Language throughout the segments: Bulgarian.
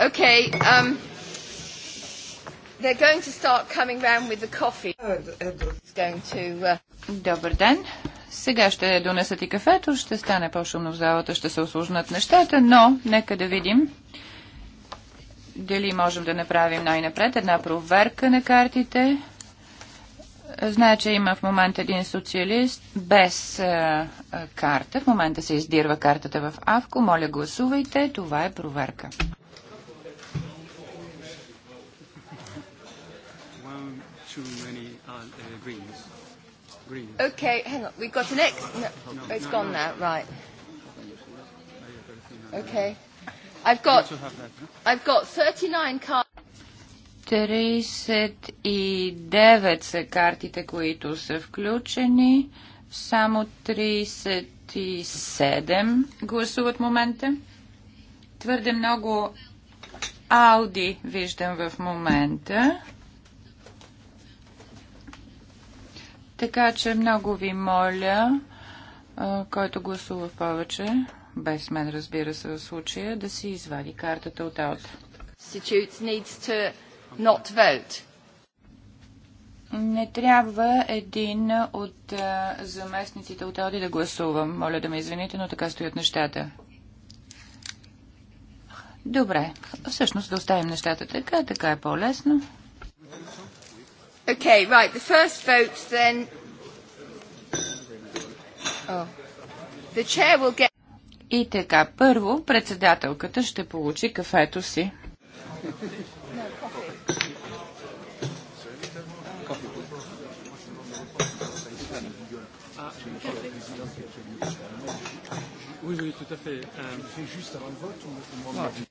Okay, um, they're going to start coming round with the coffee. It's going to, uh... Добър ден. Сега ще донесат и кафето, ще стане по-шумно в залата, ще се осложнат нещата, но нека да видим дали можем да направим най-напред една проверка на картите. Знае, че има в момента един социалист без а, карта. В момента се издирва картата в Авко. Моля, гласувайте. Това е проверка. Okay, hang on. We've got an ex... No, no oh, it's no, gone no. now. Right. Okay. I've got, I've got 39 cards. 39 са картите, които са включени. Само 37 гласуват момента. Твърде много Ауди виждам в момента. Така че много ви моля, който гласува повече, без мен разбира се в случая, да си извади картата от аута. Не трябва един от заместниците от Ауди да гласувам. Моля да ме извините, но така стоят нещата. Добре, всъщност да оставим нещата така, така е по-лесно. Okay, right, the first vote then. Oh. The chair will get... И така, първо председателката ще получи кафето си. Oui, oui, tout à fait. Euh... C'est juste avant le vote on... ou...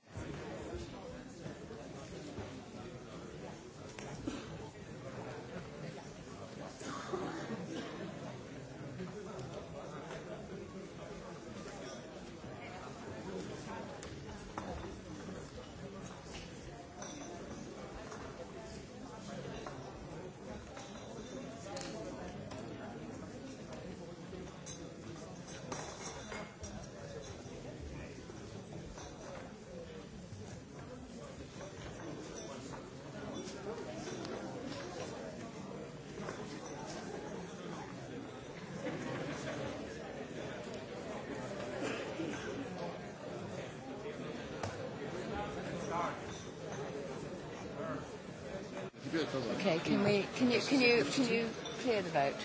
Okay, can we, can you, can you, can you clear the vote?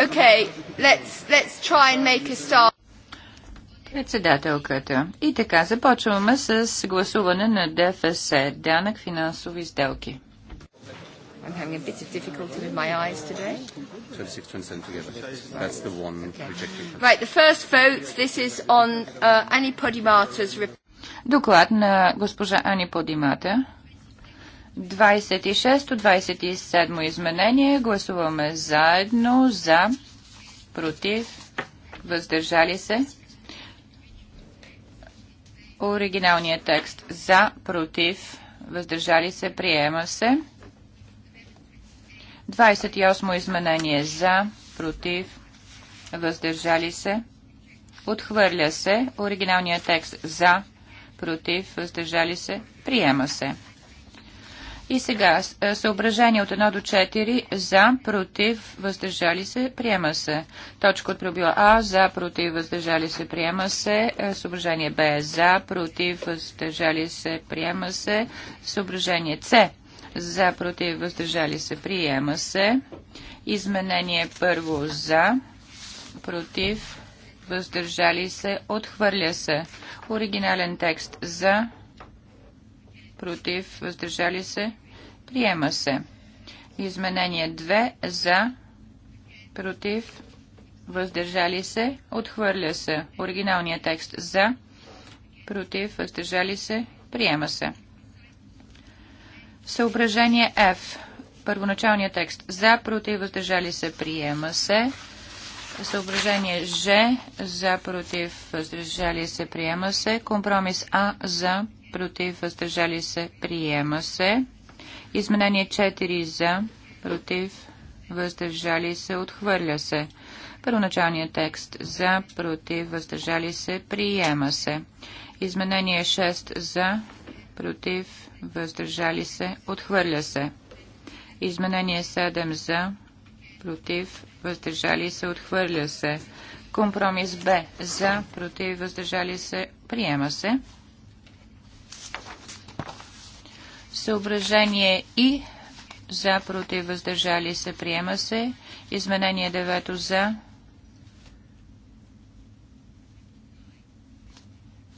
Okay, let's, let's try and make a start. Председателката. И така, започваме с гласуване на ДФС, данък финансови сделки. I'm having a bit of difficulty with my eyes today. 26, 27 together. That's the one okay. Right, the first vote, this is on uh, Annie Podimata's report. Доклад на госпожа Ани Подимата. 26-27 изменение. Гласуваме заедно за, против, въздържали се. Оригиналният текст за, против, въздържали се, приема се. 28 изменение за, против, въздържали се. Отхвърля се. Оригиналният текст за, против, въздържали се, приема се. И сега, е, съображение от 1 до 4, за, против, въздържали се, приема се. Точка от пробила А, за, против, въздържали се, приема се. Е, съображение Б, за, против, въздържали се, приема се. Съображение С, за, против, въздържали се, приема се. Изменение първо за, против, въздържали се, отхвърля се. Оригинален текст за, против, въздържали се, приема се. Изменение 2 за, против, въздържали се, отхвърля се. Оригиналният текст за, против, въздържали се, приема се. Съображение F. Първоначалният текст за, против, въздържали се, приема се. Съображение Ж за, против, въздържали се, приема се. Компромис А за, против, въздържали се, приема се. Изменение 4 за, против, въздържали се, отхвърля се. Първоначалният текст за, против, въздържали се, приема се. Изменение 6 за, против, въздържали се, отхвърля се. Изменение 7 за, против, въздържали се, отхвърля се. Компромис Б за, против, въздържали се, приема се. Съображение И за, против, въздържали се, приема се. Изменение 9 за.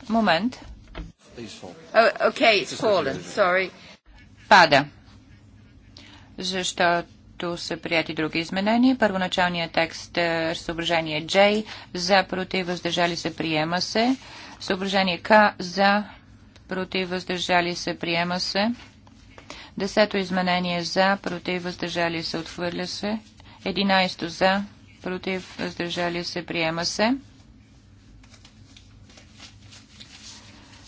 Момент. Oh, okay, Sorry. Пада. Защото са прияти други изменения. Първоначалният текст е, съображение J за, против, въздържали се, приема се. Съображение К за, против, въздържали се, приема се. Десето изменение за, против, въздържали се, отхвърля се. Единайсто за, против, въздържали се, приема се.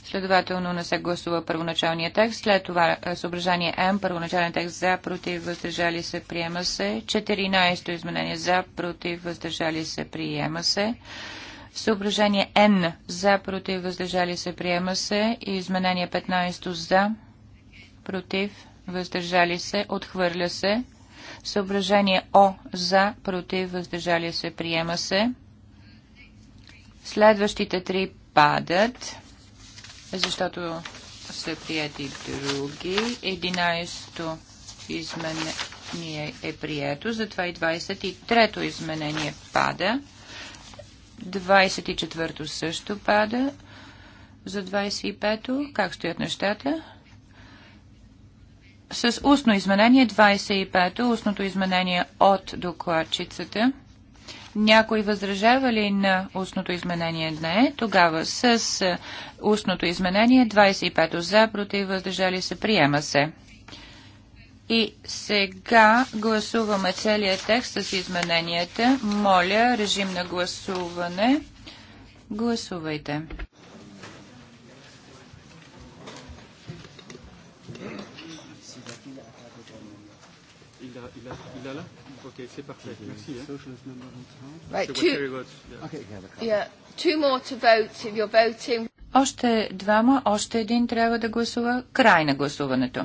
Следователно не се гласува първоначалния текст. След това е, съображение М, първоначален текст за, против, въздържали се, приема се. 14 изменение за, против, въздържали се, приема се. Съображение Н за против въздържали се приема се и изменение 15 за против въздържали се отхвърля се. Съображение О за против въздържали се приема се. Следващите три падат, защото са прияти други. 11-то изменение е прието, затова и 23-то изменение пада. 24-то също пада. За 25-то как стоят нещата? С устно изменение 25-то, устното изменение от докладчицата. Някой възражава ли на устното изменение? Не. Тогава с устното изменение 25 за, против въздържали се, приема се. И сега гласуваме целият текст с измененията. Моля, режим на гласуване. Гласувайте. Още двама, още един трябва да гласува край на гласуването.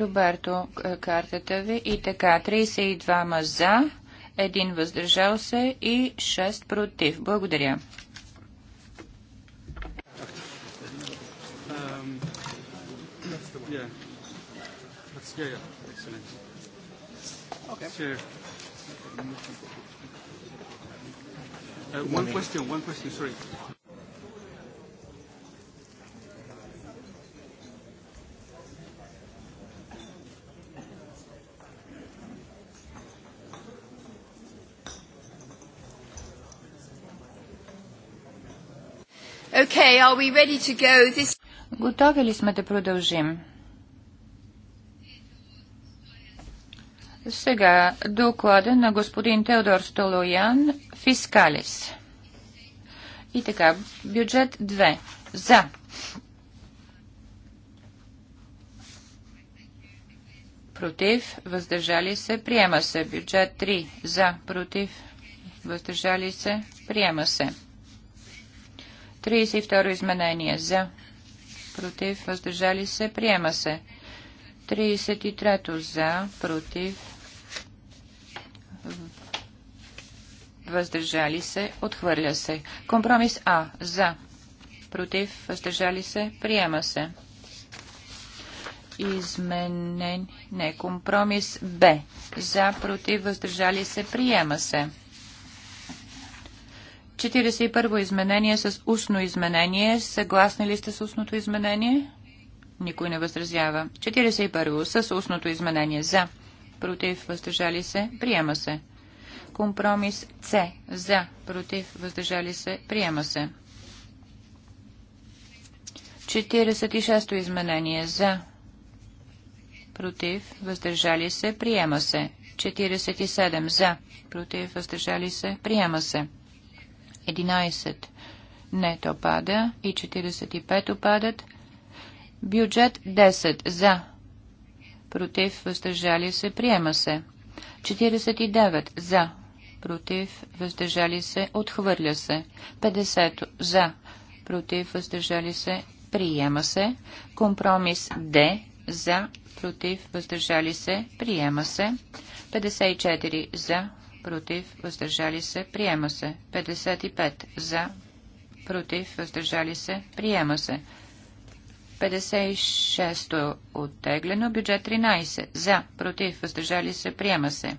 Роберто, е, картата ви. И така, 32-ма за, един въздържал се и 6 против. Благодаря. Uh, one question, one question, sorry. Okay, are we ready to go? This... Готови ли сме да продължим? Сега доклада на господин Теодор Столоян Фискалис. И така, бюджет 2. За. Против. Въздържали се. Приема се. Бюджет 3. За. Против. Въздържали се. Приема се. 32 изменение за. Против. Въздържали се. Приема се. 33 за. Против. Въздържали се. Отхвърля се. Компромис А. За. Против. Въздържали се. Приема се. Изменен. Не. Компромис Б. За. Против. Въздържали се. Приема се. 41 изменение с устно изменение. Съгласни ли сте с устното изменение? Никой не възразява. 41 с устното изменение. За. Против. Въздържали се. Приема се. Компромис С. За. Против. Въздържали се. Приема се. 46 изменение. За. Против. Въздържали се. Приема се. 47 за. Против. Въздържали се. Приема се. 11. Не, пада. И 45 опадат. Бюджет 10. За. Против. Въздържали се. Приема се. 49. За. Против. Въздържали се. Отхвърля се. 50. За. Против. Въздържали се. Приема се. Компромис Д. За. Против. Въздържали се. Приема се. 54. За против, въздържали се, приема се. 55 за, против, въздържали се, приема се. 56 е оттеглено, бюджет 13 за, против, въздържали се, приема се.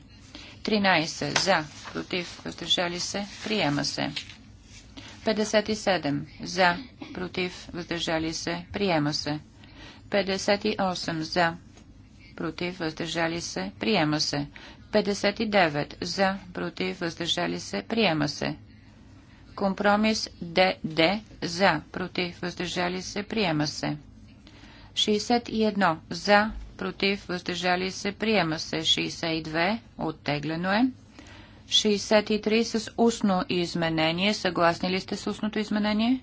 13 за, против, въздържали се, приема се. 57 за, против, въздържали се, приема се. 58 за, против, въздържали се, приема се. 59 за, против, въздържали се, приема се. Компромис ДД за, против, въздържали се, приема се. 61 за, против, въздържали се, приема се. 62 оттеглено е. 63 с устно изменение. Съгласни ли сте с устното изменение?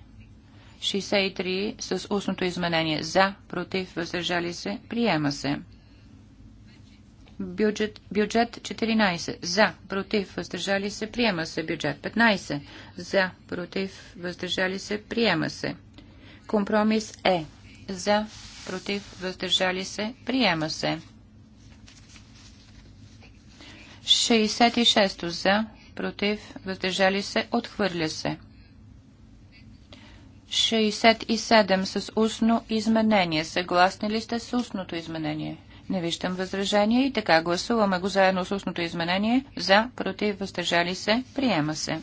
63 с устното изменение за, против, въздържали се, приема се. Бюджет, бюджет 14. За. Против. Въздържали се. Приема се. Бюджет 15. За. Против. Въздържали се. Приема се. Компромис Е. За. Против. Въздържали се. Приема се. 66. За. Против. Въздържали се. Отхвърля се. 67. С устно изменение. Съгласни ли сте с устното изменение? Не виждам възражение и така гласуваме го заедно с устното изменение. За, против, въздържали се, приема се.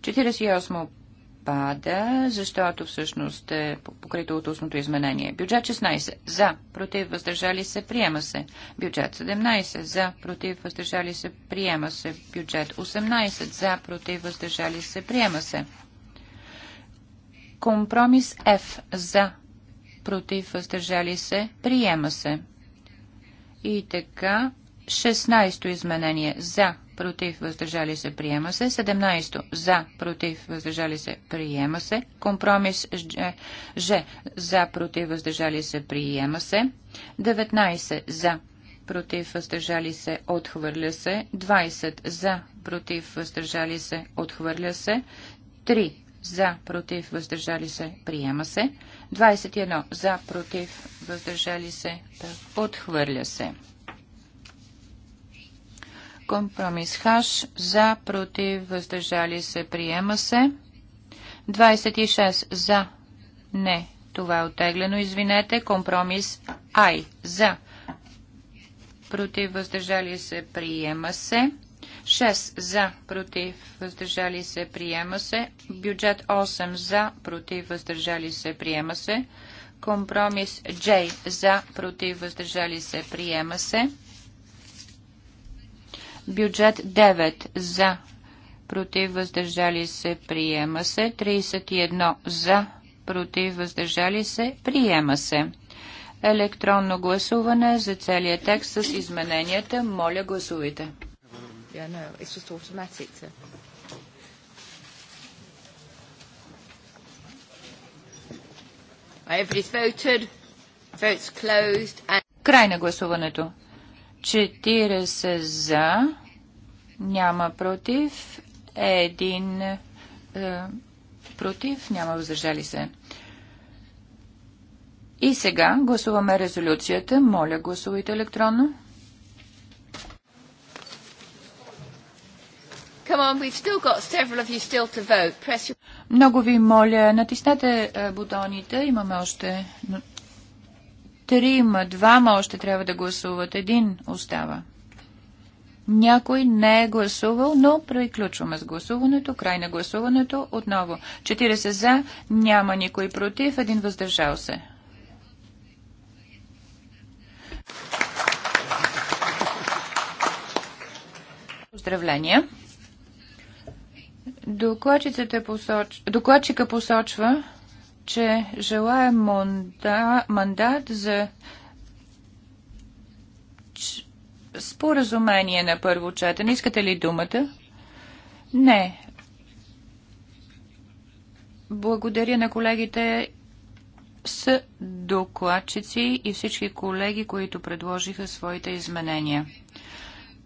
48 пада, защото всъщност е покрито от устното изменение. Бюджет 16. За. Против. Въздържали се. Приема се. Бюджет 17. За. Против. Въздържали се. Приема се. Бюджет 18. За. Против. Въздържали се. Приема се. Компромис F. За против, въздържали се, приема се. И така, 16-то изменение за, против, въздържали се, приема се. 17-то за, против, въздържали се, приема се. Компромис Ж, е, за, против, въздържали се, приема се. 19 за, против, въздържали се, отхвърля се. 20 за, против, въздържали се, отхвърля се. 3 за, против, въздържали се, приема се. 21 за, против, въздържали се, отхвърля се. Компромис хаш за, против, въздържали се, приема се. 26 за, не, това е отеглено, извинете. Компромис ай за, против, въздържали се, приема се. 6 за, против, въздържали се, приема се. Бюджет 8 за, против, въздържали се, приема се. Компромис J за, против, въздържали се, приема се. Бюджет 9 за, против, въздържали се, приема се. 31 за, против, въздържали се, приема се. Електронно гласуване за целият текст с измененията. Моля, гласувайте. Yeah, no, it's just automatic. To... Everybody's voted. Votes closed. And... Край на гласуването. 40 за, няма против, един е, против, няма въздържали се. И сега гласуваме резолюцията. Моля, гласувайте електронно. On, Много ви моля, натиснете е, бутоните. Имаме още трима, двама още трябва да гласуват. Един остава. Някой не е гласувал, но приключваме с гласуването. Край на гласуването отново. 40 за, няма никой против, един въздържал се. Поздравления! посоч... Докладчика посочва, че желая монда... мандат за Ч... споразумение на първо четене. Искате ли думата? Не. Благодаря на колегите с докладчици и всички колеги, които предложиха своите изменения.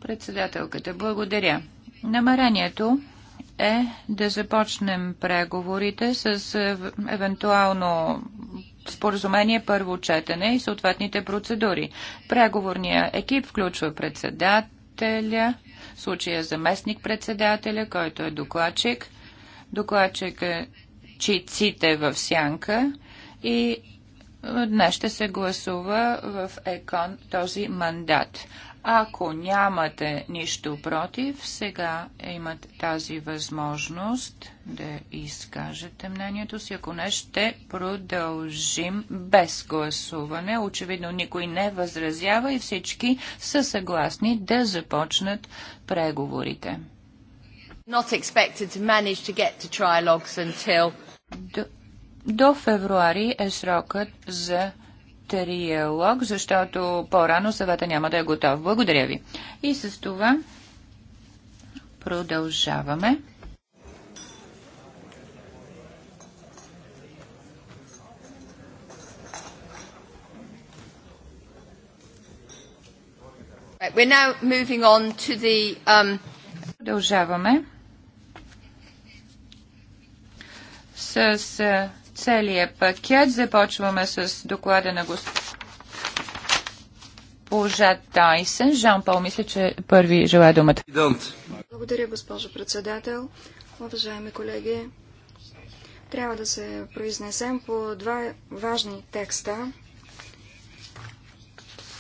Председателката, благодаря. Намерението е да започнем преговорите с е, евентуално споразумение първо четене и съответните процедури. Преговорният екип включва председателя, в случая заместник председателя, който е докладчик, докладчик е чиците в сянка и е, Днес ще се гласува в ЕКОН този мандат. Ако нямате нищо против, сега имате тази възможност да изкажете мнението си. Ако не, ще продължим без гласуване. Очевидно никой не възразява и всички са съгласни да започнат преговорите. Not expected to manage to get to trilogues until... До, до февруари е срокът за триалог, защото по-рано съвета няма да е готов. Благодаря ви. И с това продължаваме. We're now moving on to the, um... Продължаваме с целият пакет. Започваме с доклада на госпожа Тайсен. Жан Пол, мисля, че първи желая думата. Благодаря, госпожо председател. Уважаеми колеги, трябва да се произнесем по два важни текста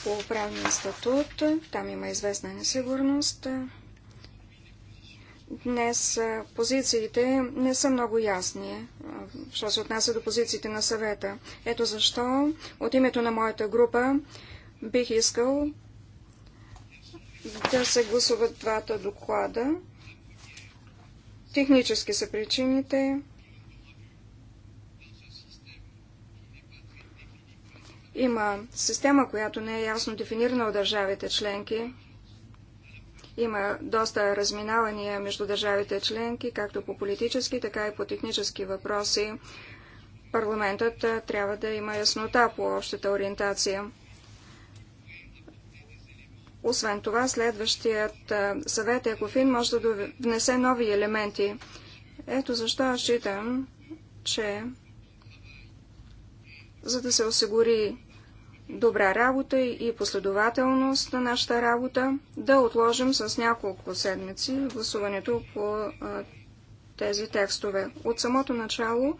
по правния статут. Там има известна несигурност. Днес позициите не са много ясни, що се отнася до позициите на съвета. Ето защо от името на моята група бих искал да се гласуват двата доклада. Технически са причините. Има система, която не е ясно дефинирана от държавите членки. Има доста разминавания между държавите членки, както по политически, така и по технически въпроси. Парламентът трябва да има яснота по общата ориентация. Освен това, следващият съвет Екофин може да внесе нови елементи. Ето защо аз считам, че за да се осигури добра работа и последователност на нашата работа, да отложим с няколко седмици гласуването по тези текстове. От самото начало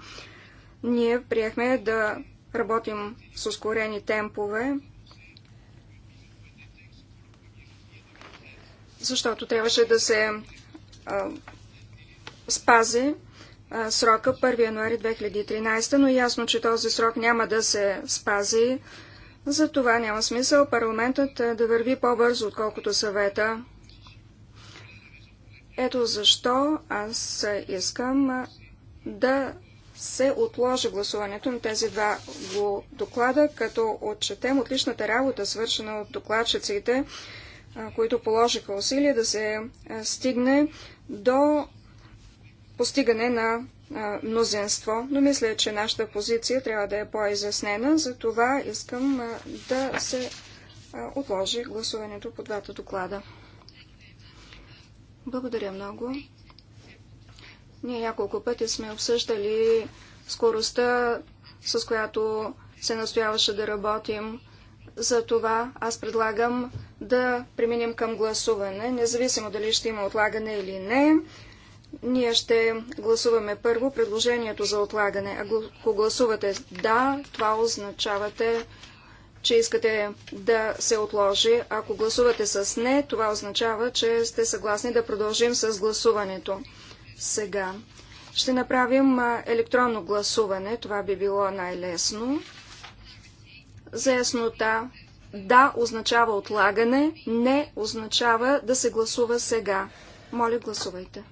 ние приехме да работим с ускорени темпове, защото трябваше да се а, спази а, срока 1 януари 2013, но е ясно, че този срок няма да се спази за това няма смисъл парламентът е, да върви по-бързо, отколкото съвета. Ето защо аз искам е, да се отложи гласуването на тези два доклада, като отчетем отличната работа, свършена от докладчиците, е, които положиха усилия да се стигне до постигане на а, мнозинство, но мисля, че нашата позиция трябва да е по-изяснена, за това искам а, да се а, отложи гласуването по двата доклада. Благодаря много. Ние няколко пъти сме обсъждали скоростта, с която се настояваше да работим. За това аз предлагам да преминем към гласуване, независимо дали ще има отлагане или не. Ние ще гласуваме първо предложението за отлагане. Ако гласувате да, това означавате, че искате да се отложи. Ако гласувате с не, това означава, че сте съгласни да продължим с гласуването. Сега ще направим електронно гласуване. Това би било най-лесно. За яснота, да означава отлагане, не означава да се гласува сега. Моля, гласувайте.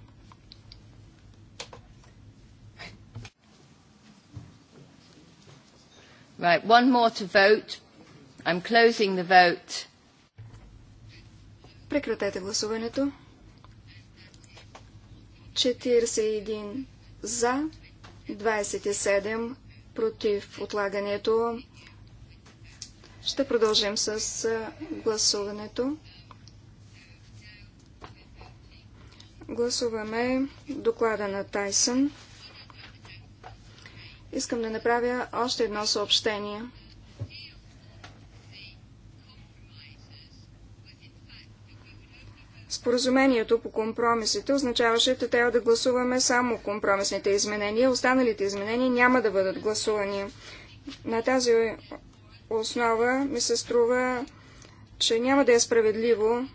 Right, one more to vote. I'm closing the vote. Прекратете гласуването. 41 за, 27 против отлагането. Ще продължим с гласуването. Гласуваме доклада на Тайсън. Искам да направя още едно съобщение. Споразумението по компромисите означаваше, че трябва да гласуваме само компромисните изменения. Останалите изменения няма да бъдат гласувани. На тази основа ми се струва, че няма да е справедливо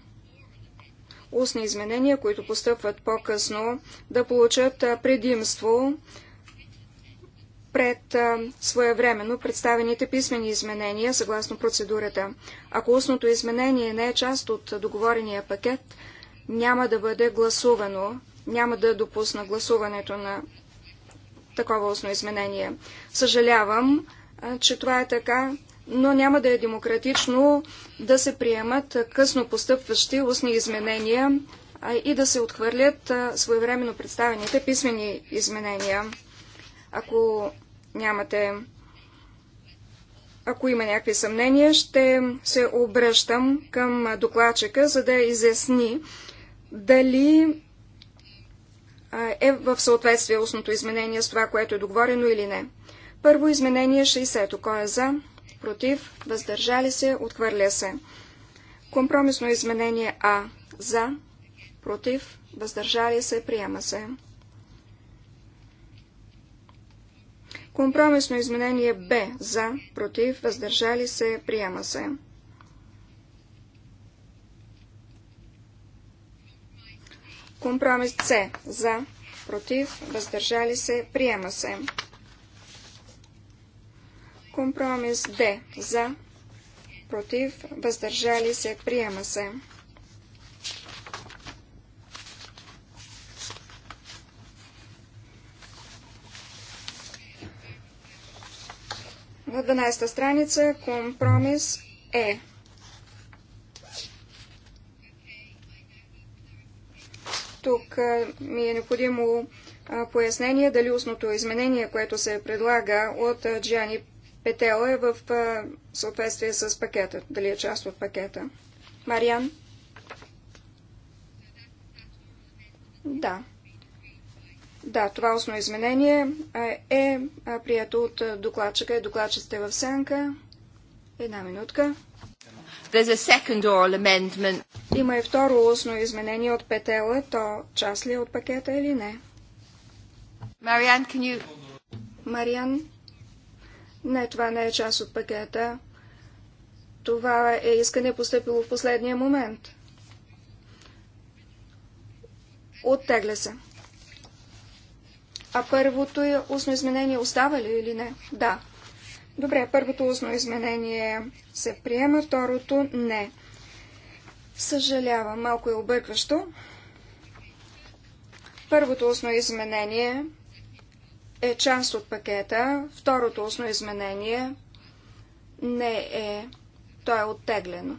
устни изменения, които постъпват по-късно, да получат предимство пред своевременно представените писмени изменения съгласно процедурата. Ако устното изменение не е част от договорения пакет, няма да бъде гласувано, няма да допусна гласуването на такова устно изменение. Съжалявам, че това е така, но няма да е демократично да се приемат късно постъпващи устни изменения и да се отхвърлят своевременно представените писмени изменения. Ако нямате... Ако има някакви съмнения, ще се обръщам към докладчика, за да изясни дали е в съответствие устното изменение с това, което е договорено или не. Първо изменение 60-то. Кой е за? Против? Въздържали се? Отхвърля се. Компромисно изменение А. За? Против? Въздържали се? Приема се. Компромисно изменение Б за, против, въздържали се, приема се. Компромис С за, против, въздържали се, приема се. Компромис Д за, против, въздържали се, приема се. На 12-та страница компромис е. Тук ми е необходимо пояснение дали устното изменение, което се предлага от Джани Петела е в съответствие с пакета, дали е част от пакета. Мариан? Да. Да, това основно изменение е прието от докладчика и докладчиците в сянка. Една минутка. Има и второ устно изменение от Петела. То част ли е от пакета или не? Мариан, can you... Мариан? Не, това не е част от пакета. Това е искане поступило в последния момент. Оттегля се. А първото е устно изменение остава ли или не? Да. Добре, първото устно изменение се приема, второто не. Съжалявам, малко е объркващо. Първото устно изменение е част от пакета, второто устно изменение не е, то е оттеглено.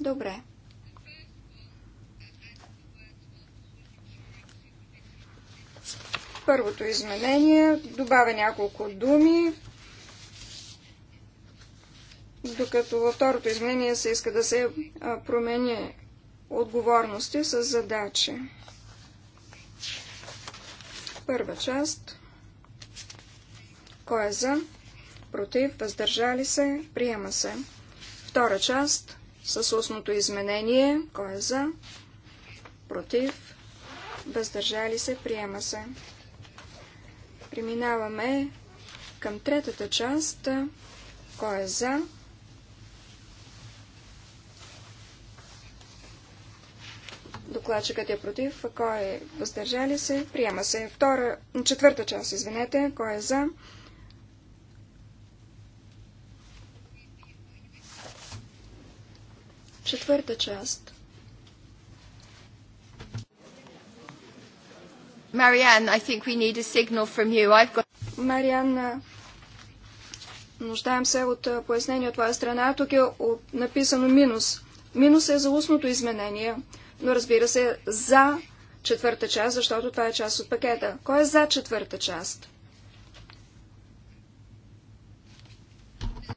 Добре. Първото изменение добавя няколко думи, докато във второто изменение се иска да се промени отговорности с задачи. Първа част. Кой е за? Против? Въздържали се? Приема се. Втора част. С устното изменение. Кой е за? Против? Въздържали се? Приема се. Преминаваме към третата част. Кой е за? Докладчикът е против. Кой е въздържали се? Приема се. Втора, четвърта част, извинете. Кой е за? Четвърта част. Marianne, I think we need a signal from you. I've got... Мариан, нуждаем се от пояснение от твоя страна. Тук е написано минус. Минус е за устното изменение, но разбира се за четвърта част, защото това е част от пакета. Кой е за четвърта част?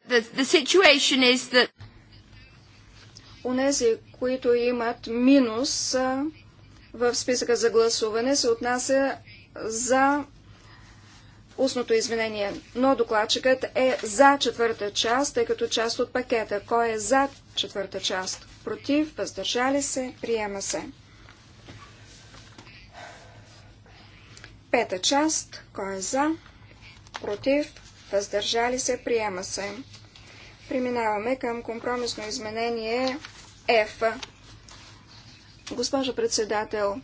The, the situation is that... Унези, които имат минус, в списъка за гласуване се отнася за устното изменение. Но докладчикът е за четвърта част, тъй като част от пакета. Кой е за четвърта част? Против, въздържали се, приема се. Пета част. Кой е за? Против, въздържали се, приема се. Преминаваме към компромисно изменение F. Госпожо председател,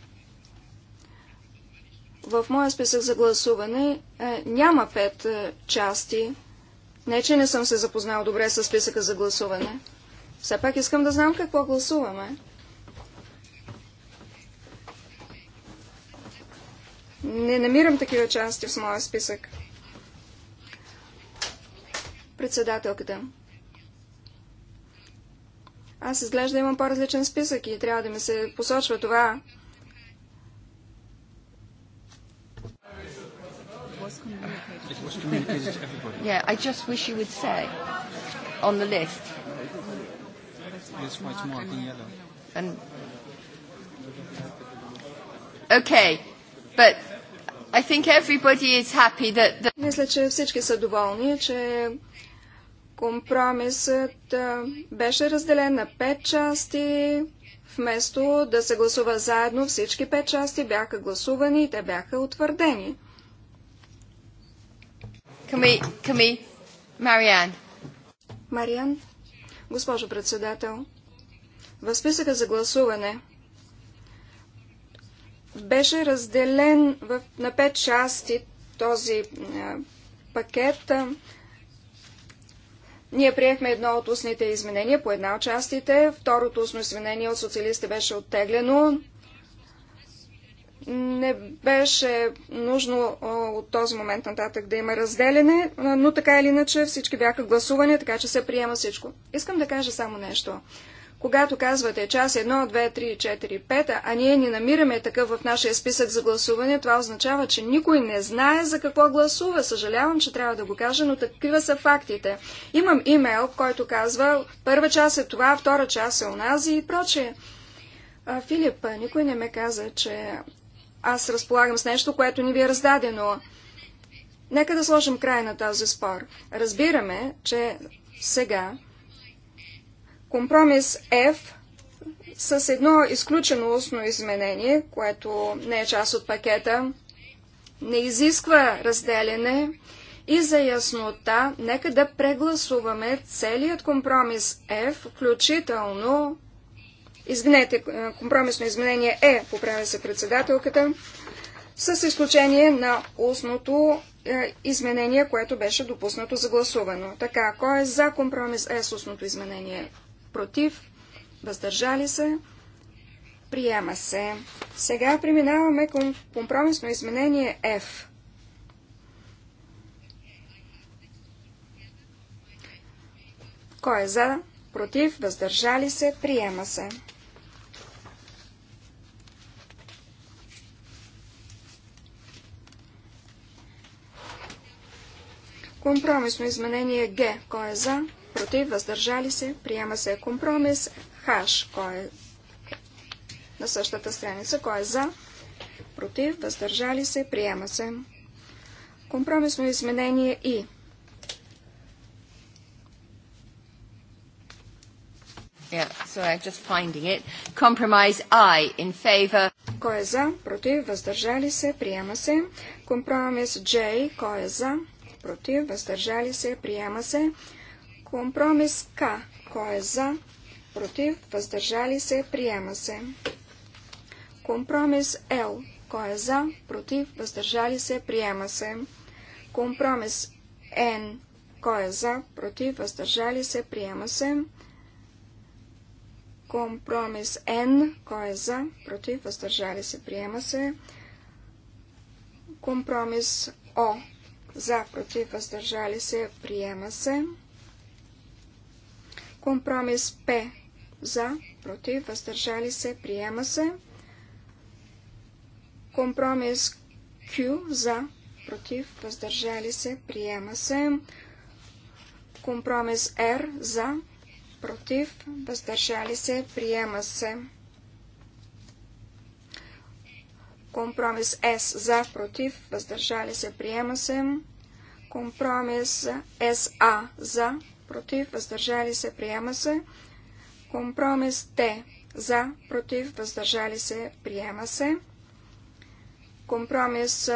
в моя списък за гласуване е, няма пет е, части. Не, че не съм се запознал добре с списъка за гласуване. Все пак искам да знам какво гласуваме. Не намирам такива части в моя списък. Председателката. Аз изглежда имам по-различен списък и трябва да ми се посочва това. Мисля, че всички са доволни, че Компромисът беше разделен на пет части. Вместо да се гласува заедно, всички пет части бяха гласувани и те бяха утвърдени. Мариан. Мариан, госпожо председател, в списъка за гласуване беше разделен в, на пет части този а, пакет. А, ние приехме едно от устните изменения по една от частите. Второто устно изменение от социалистите беше оттеглено. Не беше нужно от този момент нататък да има разделене, но така или иначе всички бяха гласувани, така че се приема всичко. Искам да кажа само нещо. Когато казвате час 1, 2, 3, 4, 5, а ние ни намираме такъв в нашия списък за гласуване, това означава, че никой не знае за какво гласува. Съжалявам, че трябва да го кажа, но такива са фактите. Имам имейл, който казва, първа част е това, втора част е онази и прочее. Филип, никой не ме каза, че аз разполагам с нещо, което ни ви е раздадено. Нека да сложим край на този спор. Разбираме, че сега Компромис F с едно изключено устно изменение, което не е част от пакета, не изисква разделяне и за яснота нека да прегласуваме целият компромис F, включително Извинете, компромисно изменение е, поправя се председателката, с изключение на устното е, изменение, което беше допуснато за гласувано. Така, кой е за компромис е с устното изменение? против, въздържали се, приема се. Сега преминаваме към компромисно изменение F. Кой е за? Против, въздържали се, приема се. Компромисно изменение Г. Кой е за? против, въздържали се, приема се компромис, хаш, кой е на същата страница, кой е за, против, въздържали се, приема се. Компромисно изменение и. Yeah, sorry, just finding it. Compromise I in favor. Кой е за? Против, въздържали се, приема се. Компромис J. Кой е за? Против, въздържали се, приема се. Компромис К. Кой е за? Против? Въздържали се? Приема се. Компромис Л. Кой е за? Против? Въздържали се? Приема се. Компромис Н. Кой е за? Против? Въздържали се? Приема се. Компромис Н. Кой е за? Против? Въздържали се? Приема се. Компромис О. За? Против? Въздържали се? Приема се. Компромис П. За, против, въздържали се, приема се. Компромис Q. За, против, въздържали се, приема се. Компромис Р. За, против, въздържали се, приема се. Компромис С за, против, въздържали се, приема се. Компромис СА за, против, въздържали се, приема се. Компромис Т за, против, въздържали се, приема се. Компромис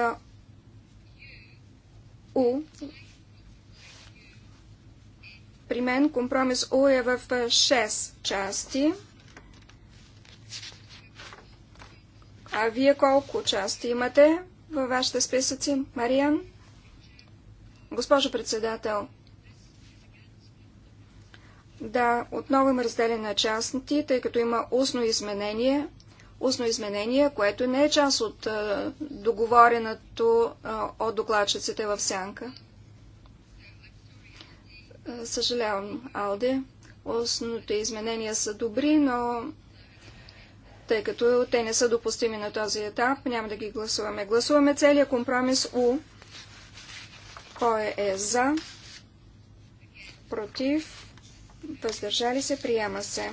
У. При мен компромис У е в 6 части. А вие колко части имате във вашите списъци, Мариан? Госпожо председател, да, отново има разделен на части, тъй като има устно изменение, устно изменение, което не е част от договореното от докладчиците в сянка. съжалявам, Алде. Устните изменения са добри, но тъй като те не са допустими на този етап, няма да ги гласуваме. Гласуваме целия компромис У. Кой е за? Против? въздържали се, приема се.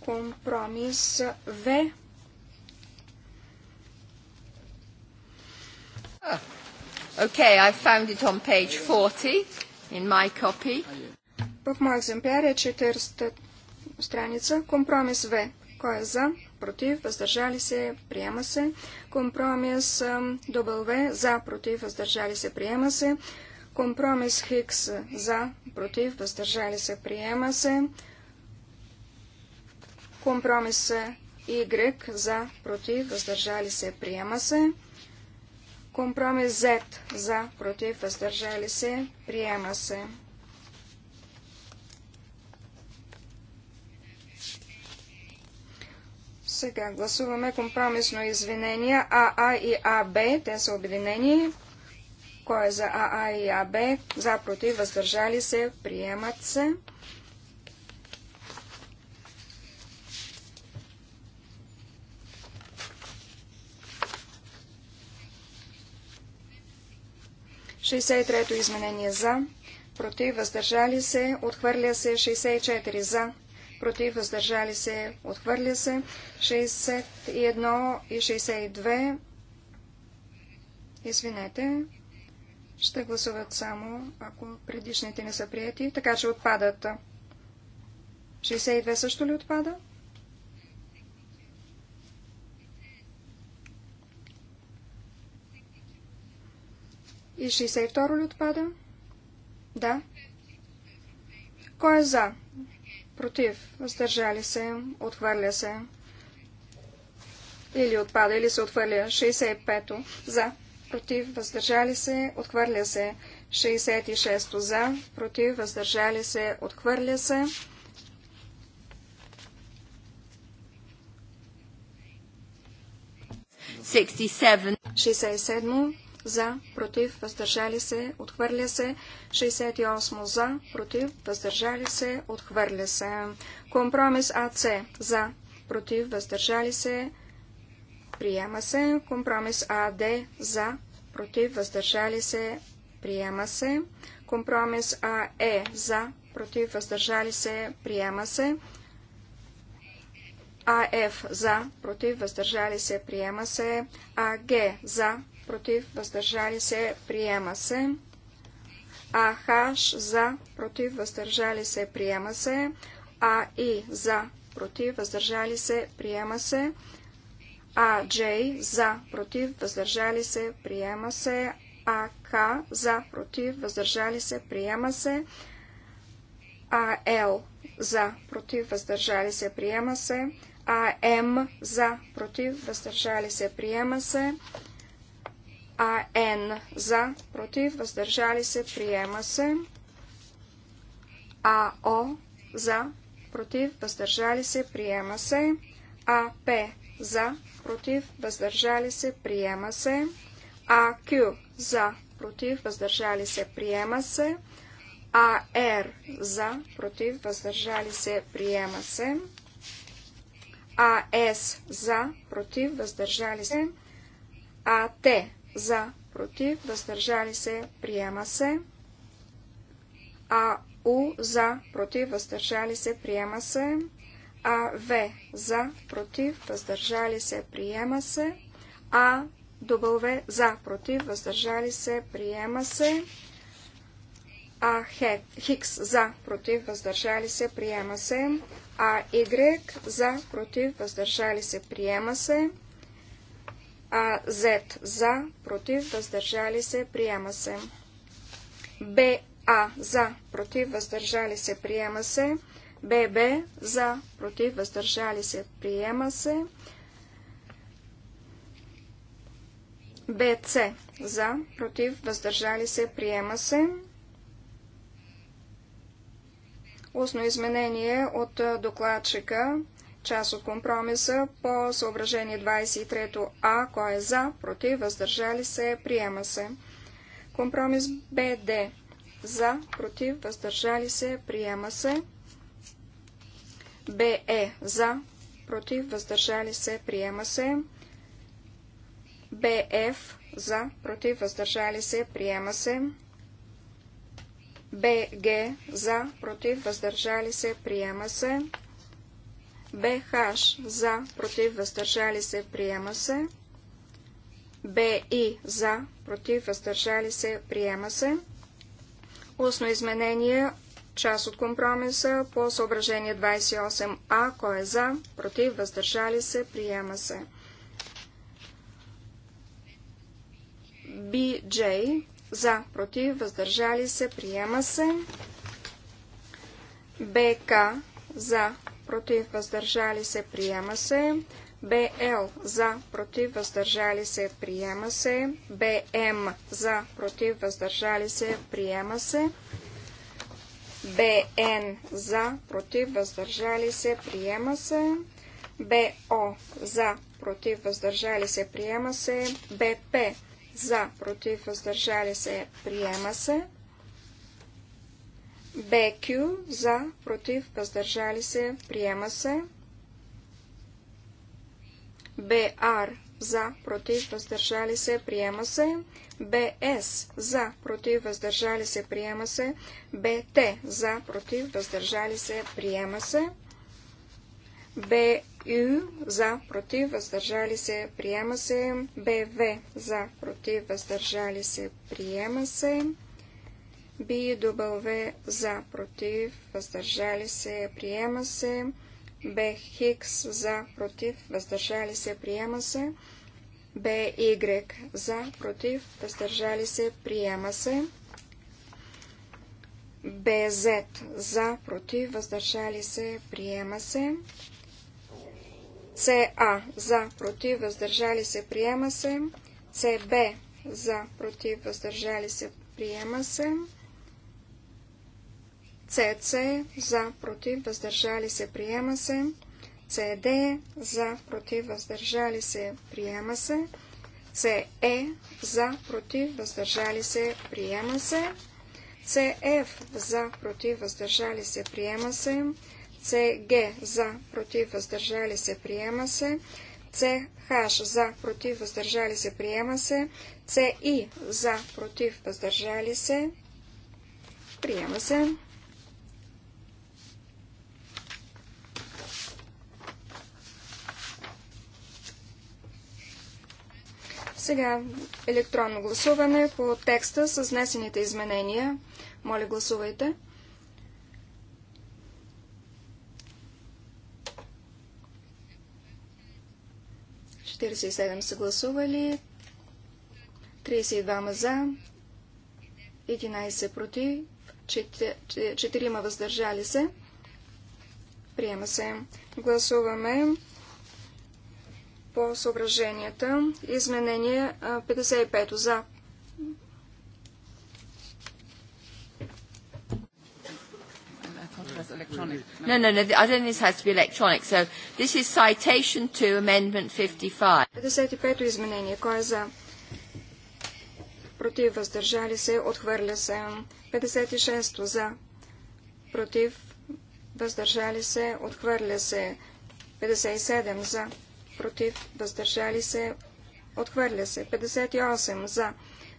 Компромис В. Okay, I found it on page 40 in my copy. В моя екземпляр е 40 страница. Компромис В. Кой е за? Против? Въздържали се? Приема се. Компромис W. За? Против? Въздържали се? Приема се. Компромис Хикс. За? Против? Въздържали се? Приема се. Компромис Y. За? Против? Въздържали се? Приема се. Компромис Z. За? Против? Въздържали се? Приема се. Сега гласуваме компромисно извинение АА и АБ. Те са обединени. Кой е за АА и АБ? За, против, въздържали се, приемат се. Шестдесет трето изменение за, против, въздържали се, отхвърля се 64 за против, въздържали се, отхвърля се. 61 и 62, извинете, ще гласуват само, ако предишните не са прияти, така че отпадат. 62 също ли отпада? И 62 ли отпада? Да. Кой е за? против, въздържали се, отхвърля се. Или отпада, или се отхвърля. 65-то за, против, въздържали се, отхвърля се. 66-то за, против, въздържали се, отхвърля се. Sixty-seven. 67 за, против, въздържали се, отхвърля се. 68 за, против, въздържали се, отхвърля се. Компромис АЦ за, против, въздържали се, приема се. Компромис АД за, против, въздържали се, приема се. Компромис АЕ за, против, въздържали се, приема се. АФ за, против, въздържали се, приема се. АГ за, против, въздържали се, приема се. А хаш за, против, въздържали се, приема се. А и за, против, въздържали се, приема се. А Джей за, против, въздържали се, приема се. А К за, против, въздържали се, приема се. А Л за, против, въздържали се, приема се. А М за, против, въздържали се, приема се. А Н за, против, въздържали се, приема се. О. за, против, въздържали се, приема се. АП за, против, въздържали се, приема се. А К за, против, въздържали се, приема се. А Р за, против, въздържали се, приема се. А С за, против, въздържали се. А Т за, против, въздържали се, приема се. А, У, за, против, въздържали се, приема се. А, В, за, против, въздържали се, приема се. А, В за, против, въздържали се, приема се. А, Х, Хикс, за, против, въздържали се, приема се. А, Y, за, против, въздържали се, приема се. А, Z за, против, въздържали се, приема се. Б, А за, против, въздържали се, приема се. ББ за, против, въздържали се, приема се. С за, против, въздържали се, приема се. Устно изменение от докладчика част от компромиса по съображение 23А, кой е за, против, въздържали се, приема се. Компромис БД. За, против, въздържали се, приема се. БЕ. За, против, въздържали се, приема се. БФ. За, против, въздържали се, приема се. БГ. За, против, въздържали се, приема се. БХ за, против, въздържали се, приема се. БИ за, против, въздържали се, приема се. Устно изменение, част от компромиса по съображение 28А, кой е за, против, въздържали се, приема се. BJ за, против, въздържали се, приема се. БК за, против, въздържали се, приема се. БЛ за, против, въздържали се, приема се. БМ за, против, въздържали се, приема се. БН за, против, въздържали се, приема се. БО за, против, въздържали се, приема се. БП за, против, въздържали се, приема се. BQ за, против, въздържали се, приема се. BR за, против, въздържали се, приема се. БС за, против, въздържали се, приема се. БТ за, против, въздържали се, приема се. БЮ за, против, въздържали се, приема се. БВ за, против, въздържали се, приема се. В за, против, въздържали се, приема се. Б Хикс за, против, въздържали се, приема се. Б Y за, против, въздържали се, приема се. Б Z за, против, въздържали се, приема се. С за, против, въздържали се, приема се. С за, против, въздържали се, приема се. ЦЦ за против въздържали се приема се. ЦД за против въздържали се приема се. ЦЕ за против въздържали се приема се. CF за против въздържали се приема се. ЦГ за против въздържали се приема се. ЦХ за против въздържали се приема се. ЦИ за против въздържали се приема се. Сега електронно гласуване по текста с внесените изменения. Моля, гласувайте. Четиридесет са гласували, 32 за, 11 против, 4 въздържали се. Приема се. Гласуваме по съображенията. Изменение 55 за. No, no, no, I don't think this has to be electronic. So this is citation to amendment 55. 55 изменение. Кой е за? Против, въздържали се, отхвърля се. 56 за. Против, въздържали се, отхвърля се. 57 за против, въздържали се, отхвърля се. 58 за,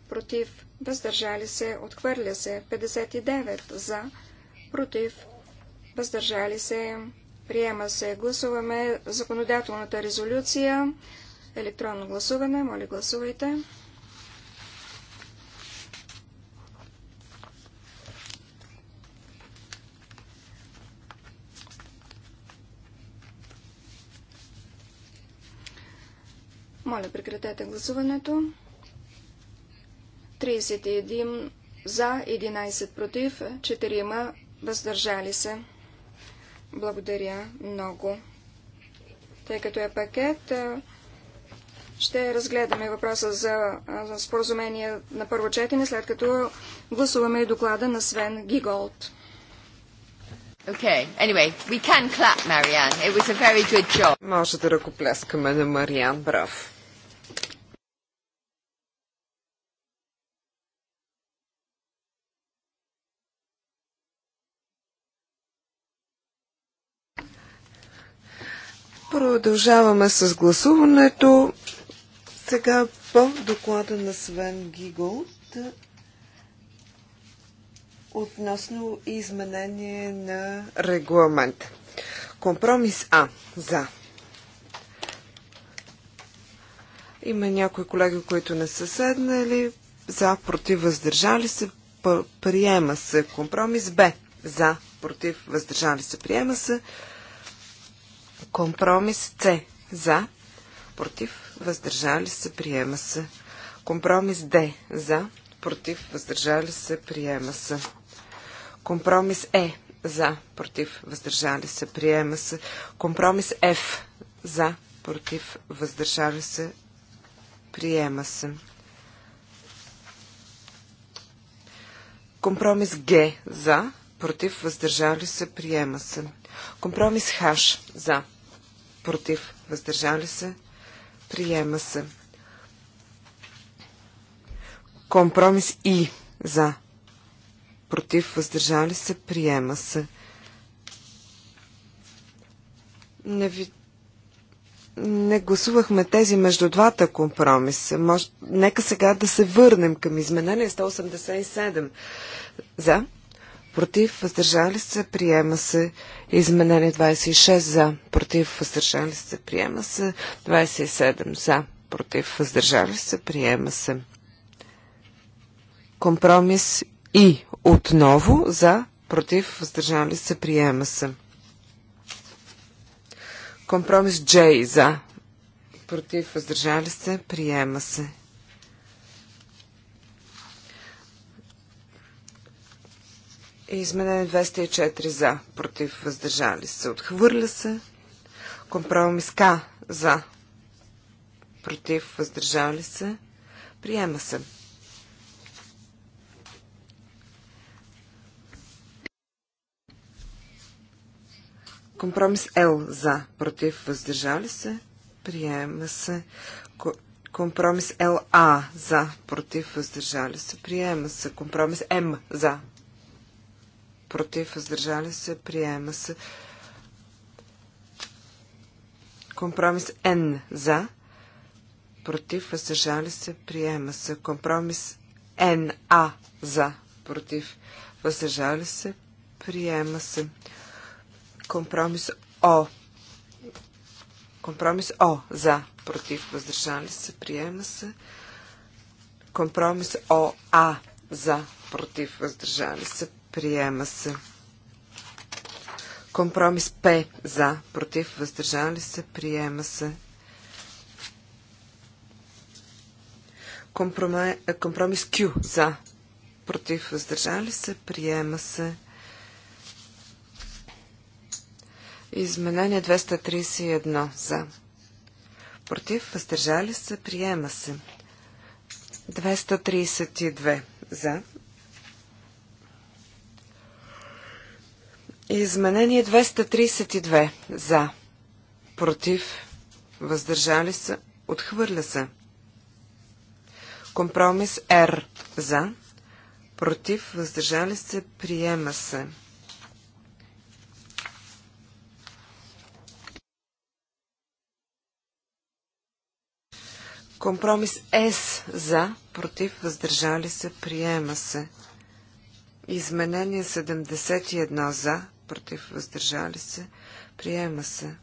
против, въздържали се, отхвърля се. 59 за, против, въздържали се, приема се. Гласуваме законодателната резолюция. Електронно гласуване. Моля, гласувайте. Моля, прекратете гласуването. 31 за, 11 против, 4 въздържали се. Благодаря много. Тъй като е пакет, ще разгледаме въпроса за, споразумение на първо четене, след като гласуваме и доклада на Свен Гиголд. Okay. Anyway, we can clap, Marianne. It was a very good job. Може да ръкопляскаме на Мариан. Браво. Продължаваме с гласуването. Сега по доклада на Свен Гиголт относно изменение на регламент. Компромис А. За. Има някои колеги, които не са седнали. За, против, въздържали се. Приема се. Компромис Б. За, против, въздържали се. Приема се. Компромис С. За. Против. Въздържали се. Приема се. Компромис Д. За. Против. Въздържали се. Приема се. Компромис Е. За. Против. Въздържали се. Приема се. Компромис Ф. За. Против. Въздържали се. Приема се. Компромис Г. За. Против. Въздържали се. Приема се. Компромис Х. За против, въздържали се, приема се. Компромис И за, против, въздържали се, приема се. Не ви... Не гласувахме тези между двата компромиса. Мож... Нека сега да се върнем към изменение 187. За, против, въздържали се, приема се. Изменение 26 за, против, въздържали се, приема се. 27 за, против, въздържали се, приема се. Компромис и отново за, против, въздържали се, приема се. Компромис J за, против, въздържали се, приема се. изменен 204 за, против, въздържали се, отхвърля се. Компромис К за, против, въздържали се, приема се. Компромис Л за, против, въздържали се, приема се. Компромис ЛА за, против, въздържали се, приема се. Компромис М за, против, въздържали се, приема се. Компромис Н за, против, въздържали се, приема се. Компромис НА за, против, въздържали се, приема се. Компромис О. Компромис О за, против, въздържали се, приема се. Компромис ОА за, против, въздържали се, Приема се. Компромис П за, против, въздържали се, приема се. Е, компромис Q за, против, въздържали се, приема се. Изменение 231 за. Против, въздържали се, приема се. 232 за, Изменение 232. За. Против. Въздържали се. Отхвърля се. Компромис Р. За. Против. Въздържали се. Приема се. Компромис С за, против, въздържали се, приема се. Изменение 71 за, против, въздържали се, приема се.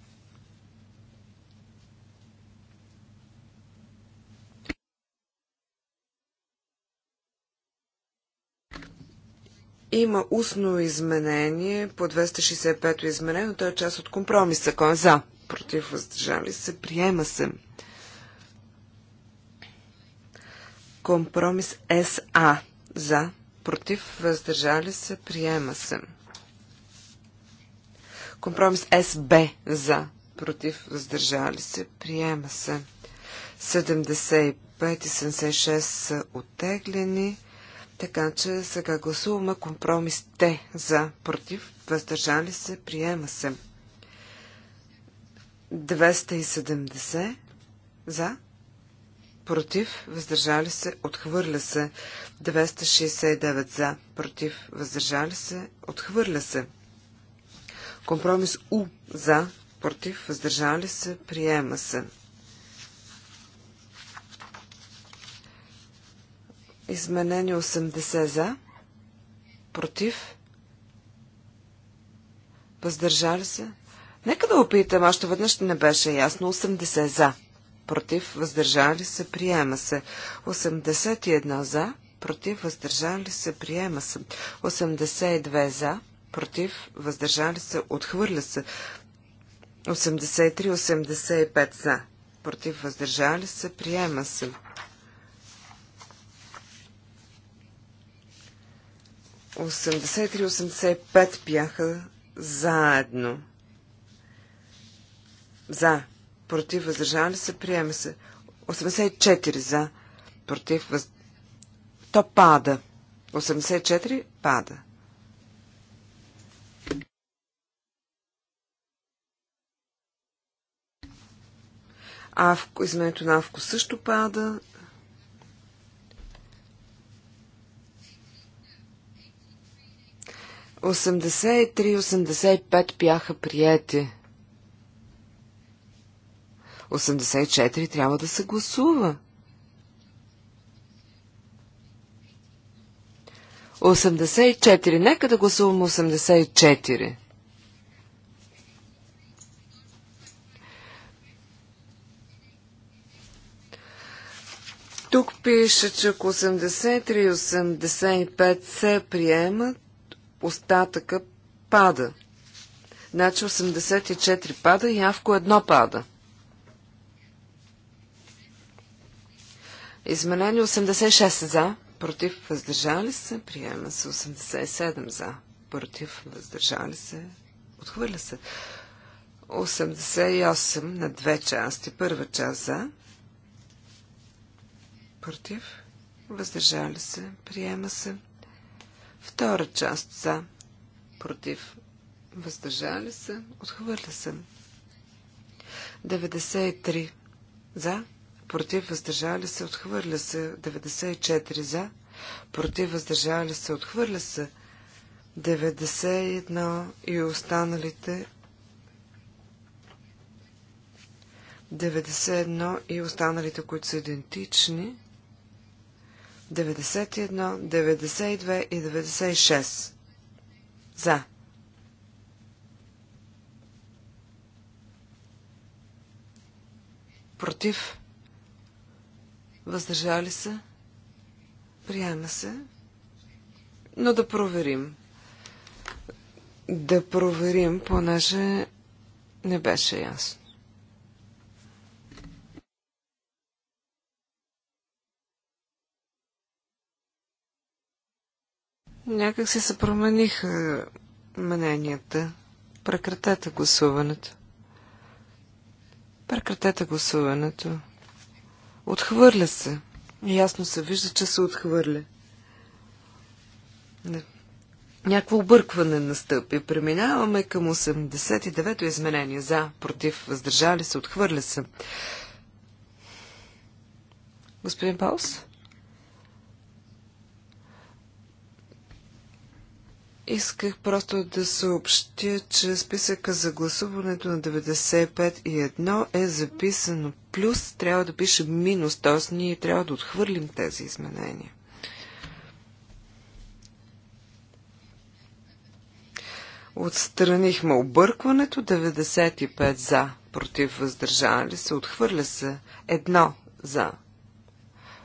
Има устно изменение по 265-то изменение, но то е част от компромиса. Кой е за? Против въздържали се. Приема се. Компромис СА. За. Против въздържали се. Приема се. Компромис СБ за, против, въздържали се, приема се. 75 и 76 са оттеглени, така че сега гласуваме компромис Т за, против, въздържали се, приема се. 270 за, против, въздържали се, отхвърля се. 269 за, против, въздържали се, отхвърля се. Компромис У за, против, въздържали се, приема се. Изменени 80 за, против, въздържали се. Нека да опитам, още веднъж не беше ясно. 80 за, против, въздържали се, приема се. 81 за, против, въздържали се, приема се. 82 за, против, въздържали се, отхвърля се. 83-85 за, против, въздържали се, приема се. Осемдесет и 85 бяха заедно. За. Против. Въздържали се. Приема се. 84 за. Против. Въз... То пада. 84 пада. Авко, изменението на Авко също пада. Осемдесет и три, бяха приети. 84 трябва да се гласува. 84. Нека да гласуваме 84. Тук пише, че ако 83 и 85 се приемат, остатъка пада. Значи 84 пада и едно пада. Изменени 86 за, против въздържали се, приема се 87 за, против въздържали се, отхвърля се. 88 на две части, първа част за, против, въздържали се, приема се. Втора част за, против, въздържали се, отхвърля се. 93 за, против, въздържали се, отхвърля се. 94 за, против, въздържали се, отхвърля се. 91 и останалите 91 и останалите, които са идентични, 91, 92 и 96. За. Против. Въздържали се. Приема се. Но да проверим. Да проверим, понеже не беше ясно. Някак си се промениха мненията. Прекратете гласуването. Прекратете гласуването. Отхвърля се. Ясно се вижда, че се отхвърля. Не. Някакво объркване настъпи. Преминаваме към 89-то изменение. За, против, въздържали се, отхвърля се. Господин Паус? Исках просто да съобщя, че списъка за гласуването на 95 и 1 е записано плюс, трябва да пише минус, т.е. ние трябва да отхвърлим тези изменения. Отстранихме объркването, 95 за, против въздържали се, отхвърля се едно за,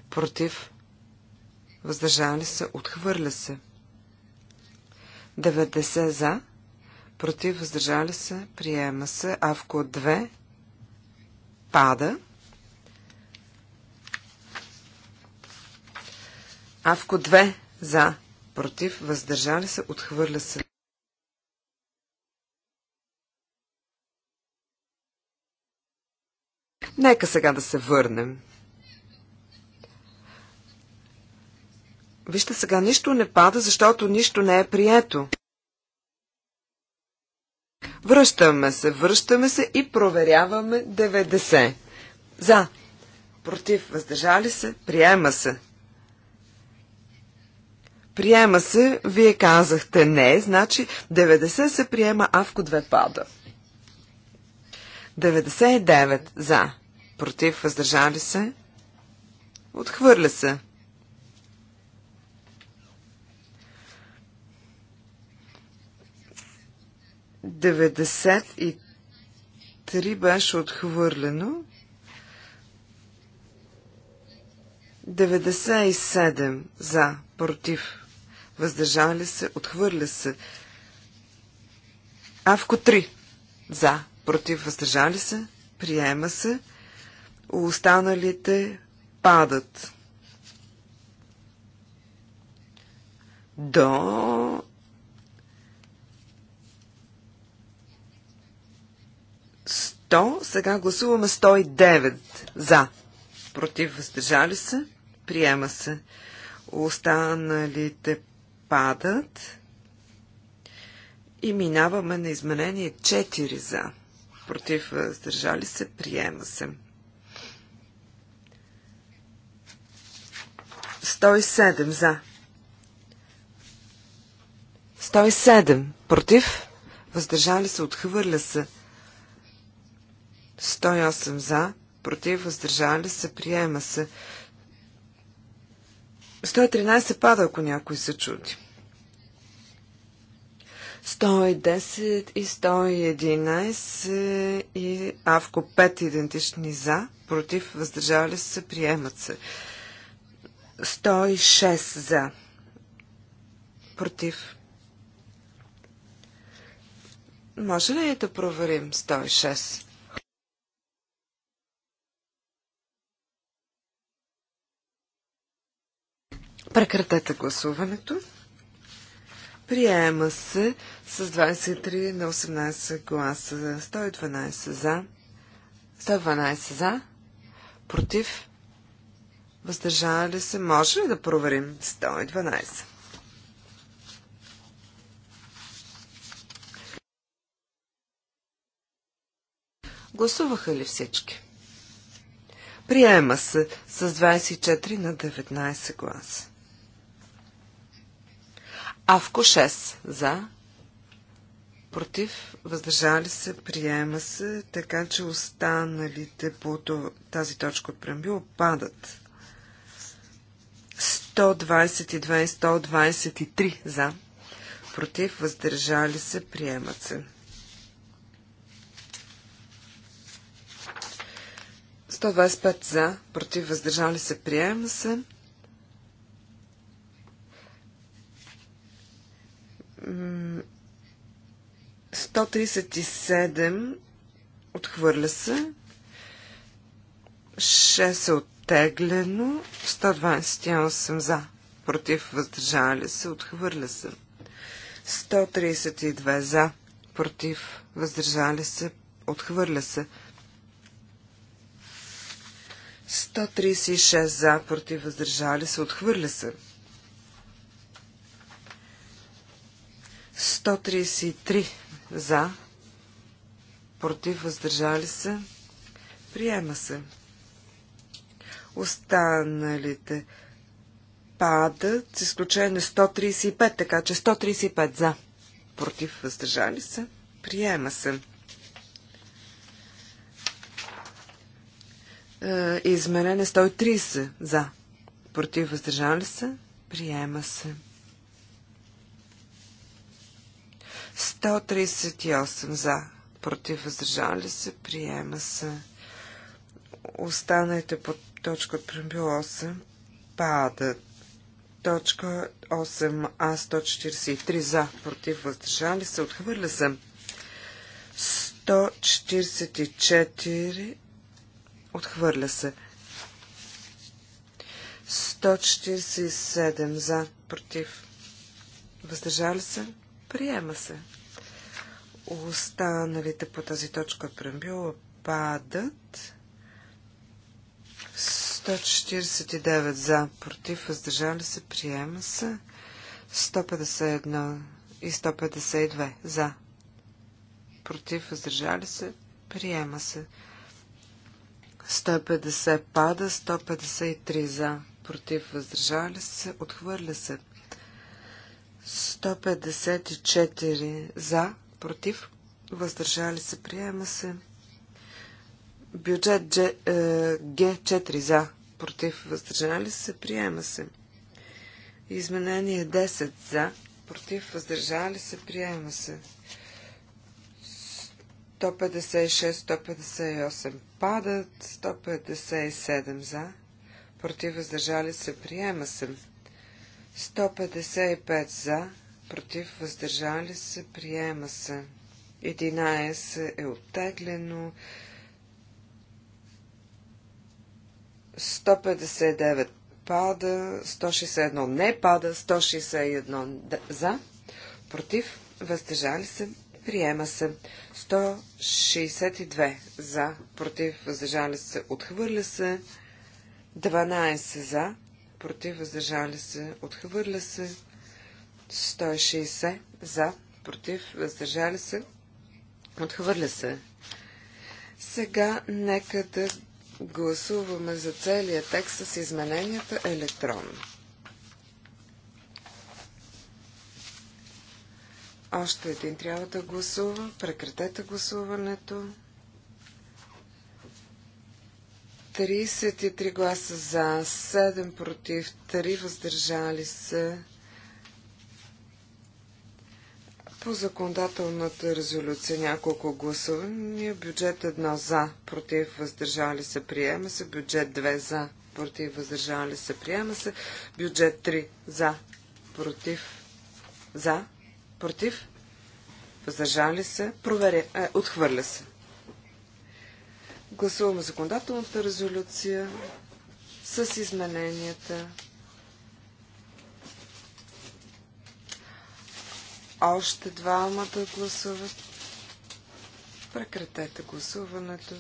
против въздържали се, отхвърля се. 90 за, против, въздържали се, приема се. Авко 2 пада. Авко 2 за, против, въздържали се, отхвърля се. Нека сега да се върнем Вижте сега, нищо не пада, защото нищо не е прието. Връщаме се, връщаме се и проверяваме 90. За, против, въздържали се, приема се. Приема се, вие казахте не, значи 90 се приема, авко две пада. 99 за, против, въздържали се, отхвърля се. 93 беше отхвърлено. 97 за, против, въздържали се, отхвърля се. Авко 3 за, против, въздържали се, приема се. Останалите падат. До 100. Сега гласуваме 109 за. Против въздържали се. Приема се. Останалите падат. И минаваме на изменение 4 за. Против въздържали се. Приема се. 107 за. 107 против. Въздържали се. Отхвърля се. 108 за, против, въздържали се, приема се. 113 пада, ако някой се чуди. 110 и 111 и Авко 5 идентични за, против, въздържали се, приемат се. 106 за, против. Може ли да проверим 106? Прекратете гласуването. Приема се с 23 на 18 гласа. 112 за. 112 за. Против. Въздържали се. Може ли да проверим? 112. Гласуваха ли всички? Приема се с 24 на 19 гласа. Авко 6 за. Против, въздържали се, приема се, така че останалите по тази точка от преамбил падат. 122 и 123 за. Против, въздържали се, приемат се. 125 за, против, въздържали се, приема се. 137 отхвърля се. 6 е оттеглено. 128 за. Против въздържали се. Отхвърля се. 132 за. Против въздържали се. Отхвърля се. 136 за. Против въздържали се. Отхвърля се. 133 за, против, въздържали се, приема се. Останалите падат, с изключение 135, така че 135 за, против, въздържали се, приема се. Е, изменение 130 за, против, въздържали се, приема се. 138 за, против, въздържали се, приема се. Останете под точка от прембил 8 падат. Точка 8А 143 за, против, въздържали се, отхвърля се. 144 отхвърля се. 147 за, против, въздържали се. Приема се. Останалите по тази точка прембюла падат. 149 за, против, въздържали се, приема се. 151 и 152 за, против, въздържали се, приема се. 150 пада, 153 за, против, въздържали се, отхвърля се. 154 за, против, въздържали се, приема се. Бюджет е, Г4 за, против, въздържали се, приема се. Изменение 10 за, против, въздържали се, приема се. 156, 158 падат, 157 за, против, въздържали се, приема се. 155 за, против, въздържали се, приема се. 11 е оттеглено. 159 пада, 161 не пада, 161 за, против, въздържали се, приема се. 162 за, против, въздържали се, отхвърля се. 12 за, против, въздържали се, отхвърля се. 160 за, против, въздържали се, отхвърля се. Сега нека да гласуваме за целия текст с измененията електронно. Още един трябва да гласува. Прекратете гласуването. 33 гласа за, 7 против, 3 въздържали се. По законодателната резолюция няколко гласувания. Бюджет 1 за, против, въздържали се, приема се. Бюджет 2 за, против, въздържали се, приема се. Бюджет 3 за, против, за, против, въздържали се, проверя, е, отхвърля се. Гласуваме законодателната резолюция с измененията. Още двама да гласуват. Прекратете гласуването.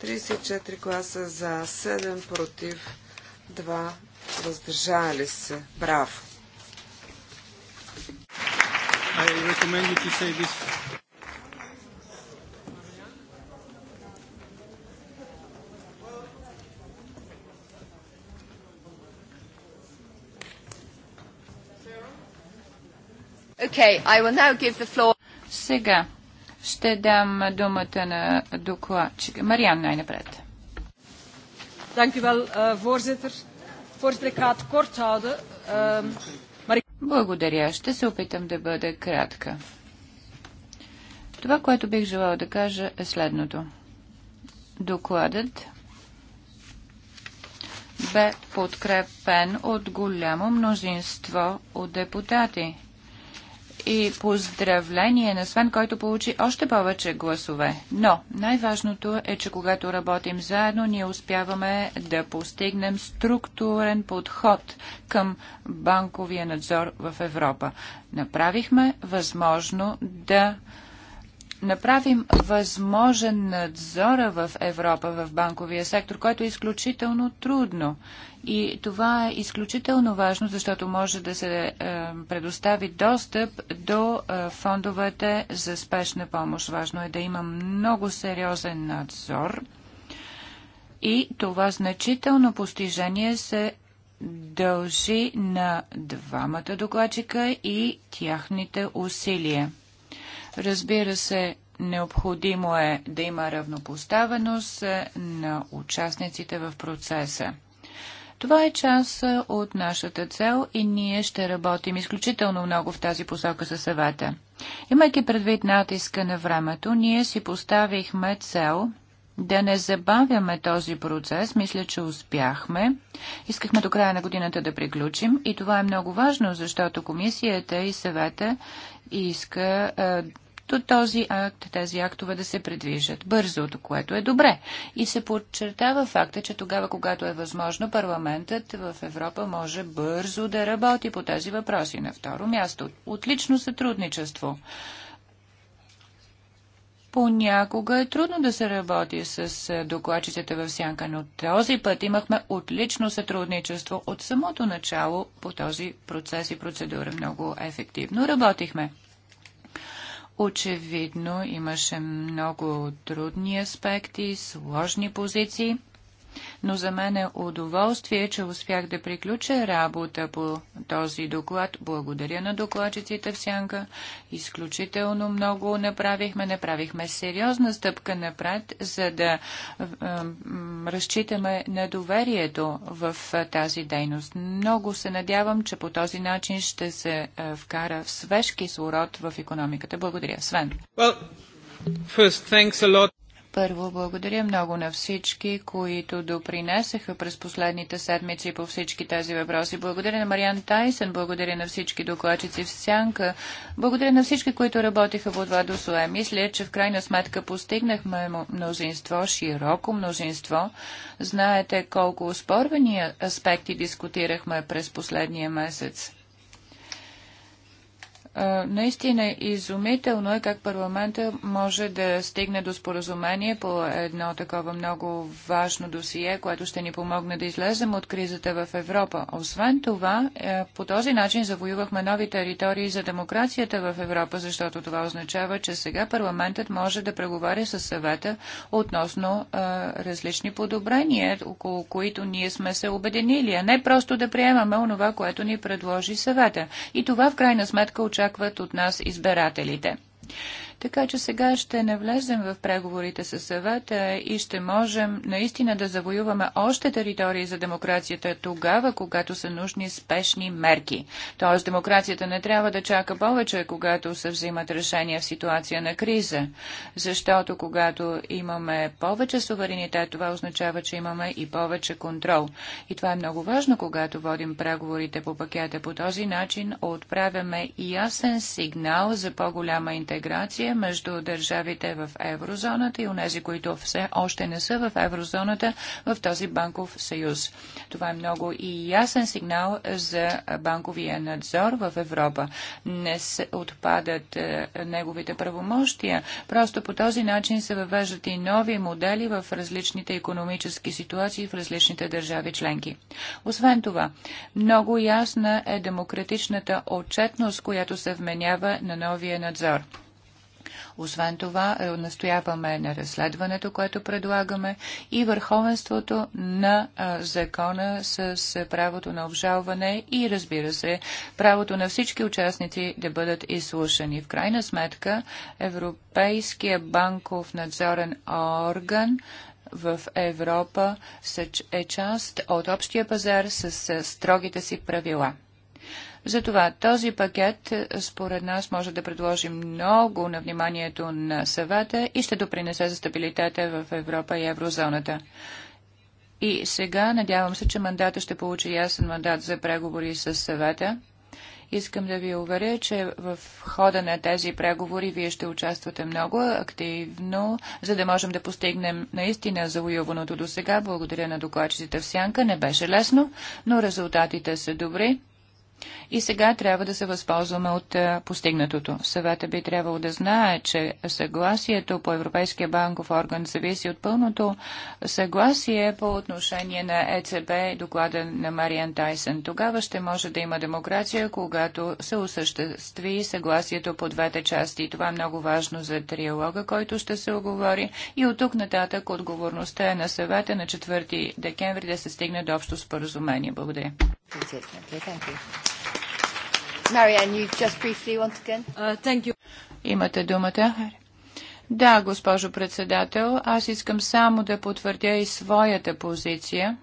34 гласа за, 7 против, 2 въздържали се. Браво! I recommend you to say this Okay, I will now give the floor. Сега ще дам думата на докладчик. Мариан най-напред. Eh, ehm, Благодаря. Ще се опитам да бъда кратка. Това, което бих желала да кажа е следното. Докладът бе подкрепен от голямо мнозинство от депутати – и поздравление на Свен, който получи още повече гласове. Но най-важното е, че когато работим заедно, ние успяваме да постигнем структурен подход към банковия надзор в Европа. Направихме възможно да направим възможен надзора в Европа в банковия сектор, който е изключително трудно. И това е изключително важно, защото може да се е, предостави достъп до е, фондовете за спешна помощ. Важно е да има много сериозен надзор. И това значително постижение се дължи на двамата докладчика и тяхните усилия. Разбира се, необходимо е да има равнопоставеност е, на участниците в процеса. Това е част е, от нашата цел и ние ще работим изключително много в тази посока със съвета. Имайки предвид натиска на времето, ние си поставихме цел да не забавяме този процес. Мисля, че успяхме. Искахме до края на годината да приключим и това е много важно, защото комисията и съвета иска е, до този акт, тези актове да се предвижат бързо, до което е добре. И се подчертава факта, че тогава, когато е възможно, парламентът в Европа може бързо да работи по тези въпроси. На второ място, отлично сътрудничество. Понякога е трудно да се работи с е, докладчиците в сянка, но този път имахме отлично сътрудничество от самото начало по този процес и процедура. Много ефективно работихме. Очевидно имаше много трудни аспекти, сложни позиции – но за мен е удоволствие, че успях да приключа работа по този доклад. Благодаря на докладчиците в Сянка. Изключително много направихме. Направихме сериозна стъпка напред, за да е, разчитаме на доверието в тази дейност. Много се надявам, че по този начин ще се вкара в свеж кислород в економиката. Благодаря. Свен. Well, first, първо, благодаря много на всички, които допринесеха през последните седмици по всички тези въпроси. Благодаря на Мариан Тайсън, благодаря на всички докладчици в Сянка, благодаря на всички, които работиха по това досое. Мисля, че в крайна сметка постигнахме мнозинство, широко мнозинство. Знаете колко спорвани аспекти дискутирахме през последния месец. Наистина изумително е как парламента може да стигне до споразумение по едно такова много важно досие, което ще ни помогне да излезем от кризата в Европа. Освен това, е, по този начин завоювахме нови територии за демокрацията в Европа, защото това означава, че сега парламентът може да преговаря с съвета относно е, различни подобрения, около които ние сме се обединили, а не просто да приемаме онова, което ни предложи съвета. И това в крайна сметка очаква очакват от нас избирателите. Така че сега ще не влезем в преговорите с съвета и ще можем наистина да завоюваме още територии за демокрацията тогава, когато са нужни спешни мерки. Тоест демокрацията не трябва да чака повече, когато се взимат решения в ситуация на криза. Защото когато имаме повече суверенитет, това означава, че имаме и повече контрол. И това е много важно, когато водим преговорите по пакета. По този начин отправяме ясен сигнал за по-голяма интеграция между държавите в еврозоната и унези, които все още не са в еврозоната в този банков съюз. Това е много и ясен сигнал за банковия надзор в Европа. Не се отпадат е, неговите правомощия, просто по този начин се въвеждат и нови модели в различните економически ситуации в различните държави членки. Освен това, много ясна е демократичната отчетност, която се вменява на новия надзор. Освен това, е, настояваме на разследването, което предлагаме и върховенството на закона с правото на обжалване и, разбира се, правото на всички участници да бъдат изслушани. В крайна сметка, Европейския банков надзорен орган в Европа е част от общия пазар с строгите си правила. Затова този пакет, е, според нас, може да предложи много на вниманието на съвета и ще допринесе за стабилитета в Европа и еврозоната. И сега надявам се, че мандата ще получи ясен мандат за преговори с съвета. Искам да ви уверя, че в хода на тези преговори вие ще участвате много активно, за да можем да постигнем наистина завоюваното до сега. Благодаря на докладчиците в Сянка. Не беше лесно, но резултатите са добри. И сега трябва да се възползваме от е, постигнатото. Съвета би трябвало да знае, че съгласието по Европейския банков орган зависи от пълното съгласие по отношение на ЕЦБ и доклада на Мариан Тайсън. Тогава ще може да има демокрация, когато се осъществи съгласието по двете части. И това е много важно за триалога, който ще се оговори. И от тук нататък отговорността е на съвета на 4 декември да се стигне до общо споразумение. Благодаря. Uh, Имате думата. Да, госпожо председател, аз искам само да потвърдя и своята позиция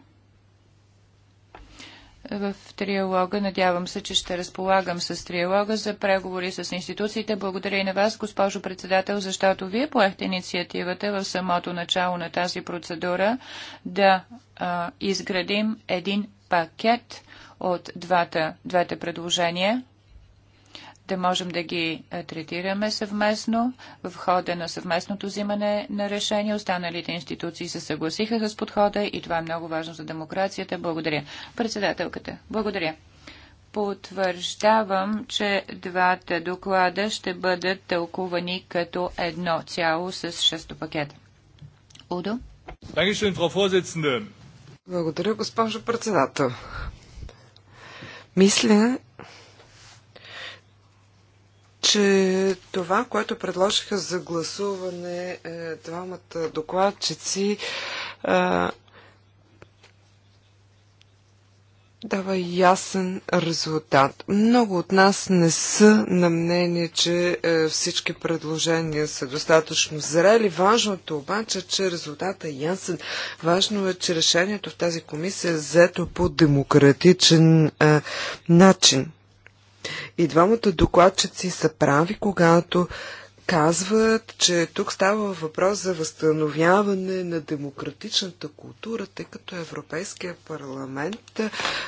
в триалога. Надявам се, че ще разполагам с триалога за преговори с институциите. Благодаря и на вас, госпожо председател, защото вие поехте инициативата в самото начало на тази процедура да а, изградим един пакет от двата, двете предложения, да можем да ги е, третираме съвместно в хода на съвместното взимане на решение. Останалите институции се съгласиха с подхода и това е много важно за демокрацията. Благодаря. Председателката, благодаря. Потвърждавам, че двата доклада ще бъдат тълкувани като едно цяло с шесто пакета. Удо? Благодаря, госпожо председател. Мисля, че това, което предложиха за гласуване е, двамата докладчици, е, дава ясен резултат. Много от нас не са на мнение, че е, всички предложения са достатъчно зрели. Важното е обаче, че резултатът е ясен. Важно е, че решението в тази комисия е взето по демократичен а, е, начин. И двамата докладчици са прави, когато казват, че тук става въпрос за възстановяване на демократичната култура, тъй като Европейския парламент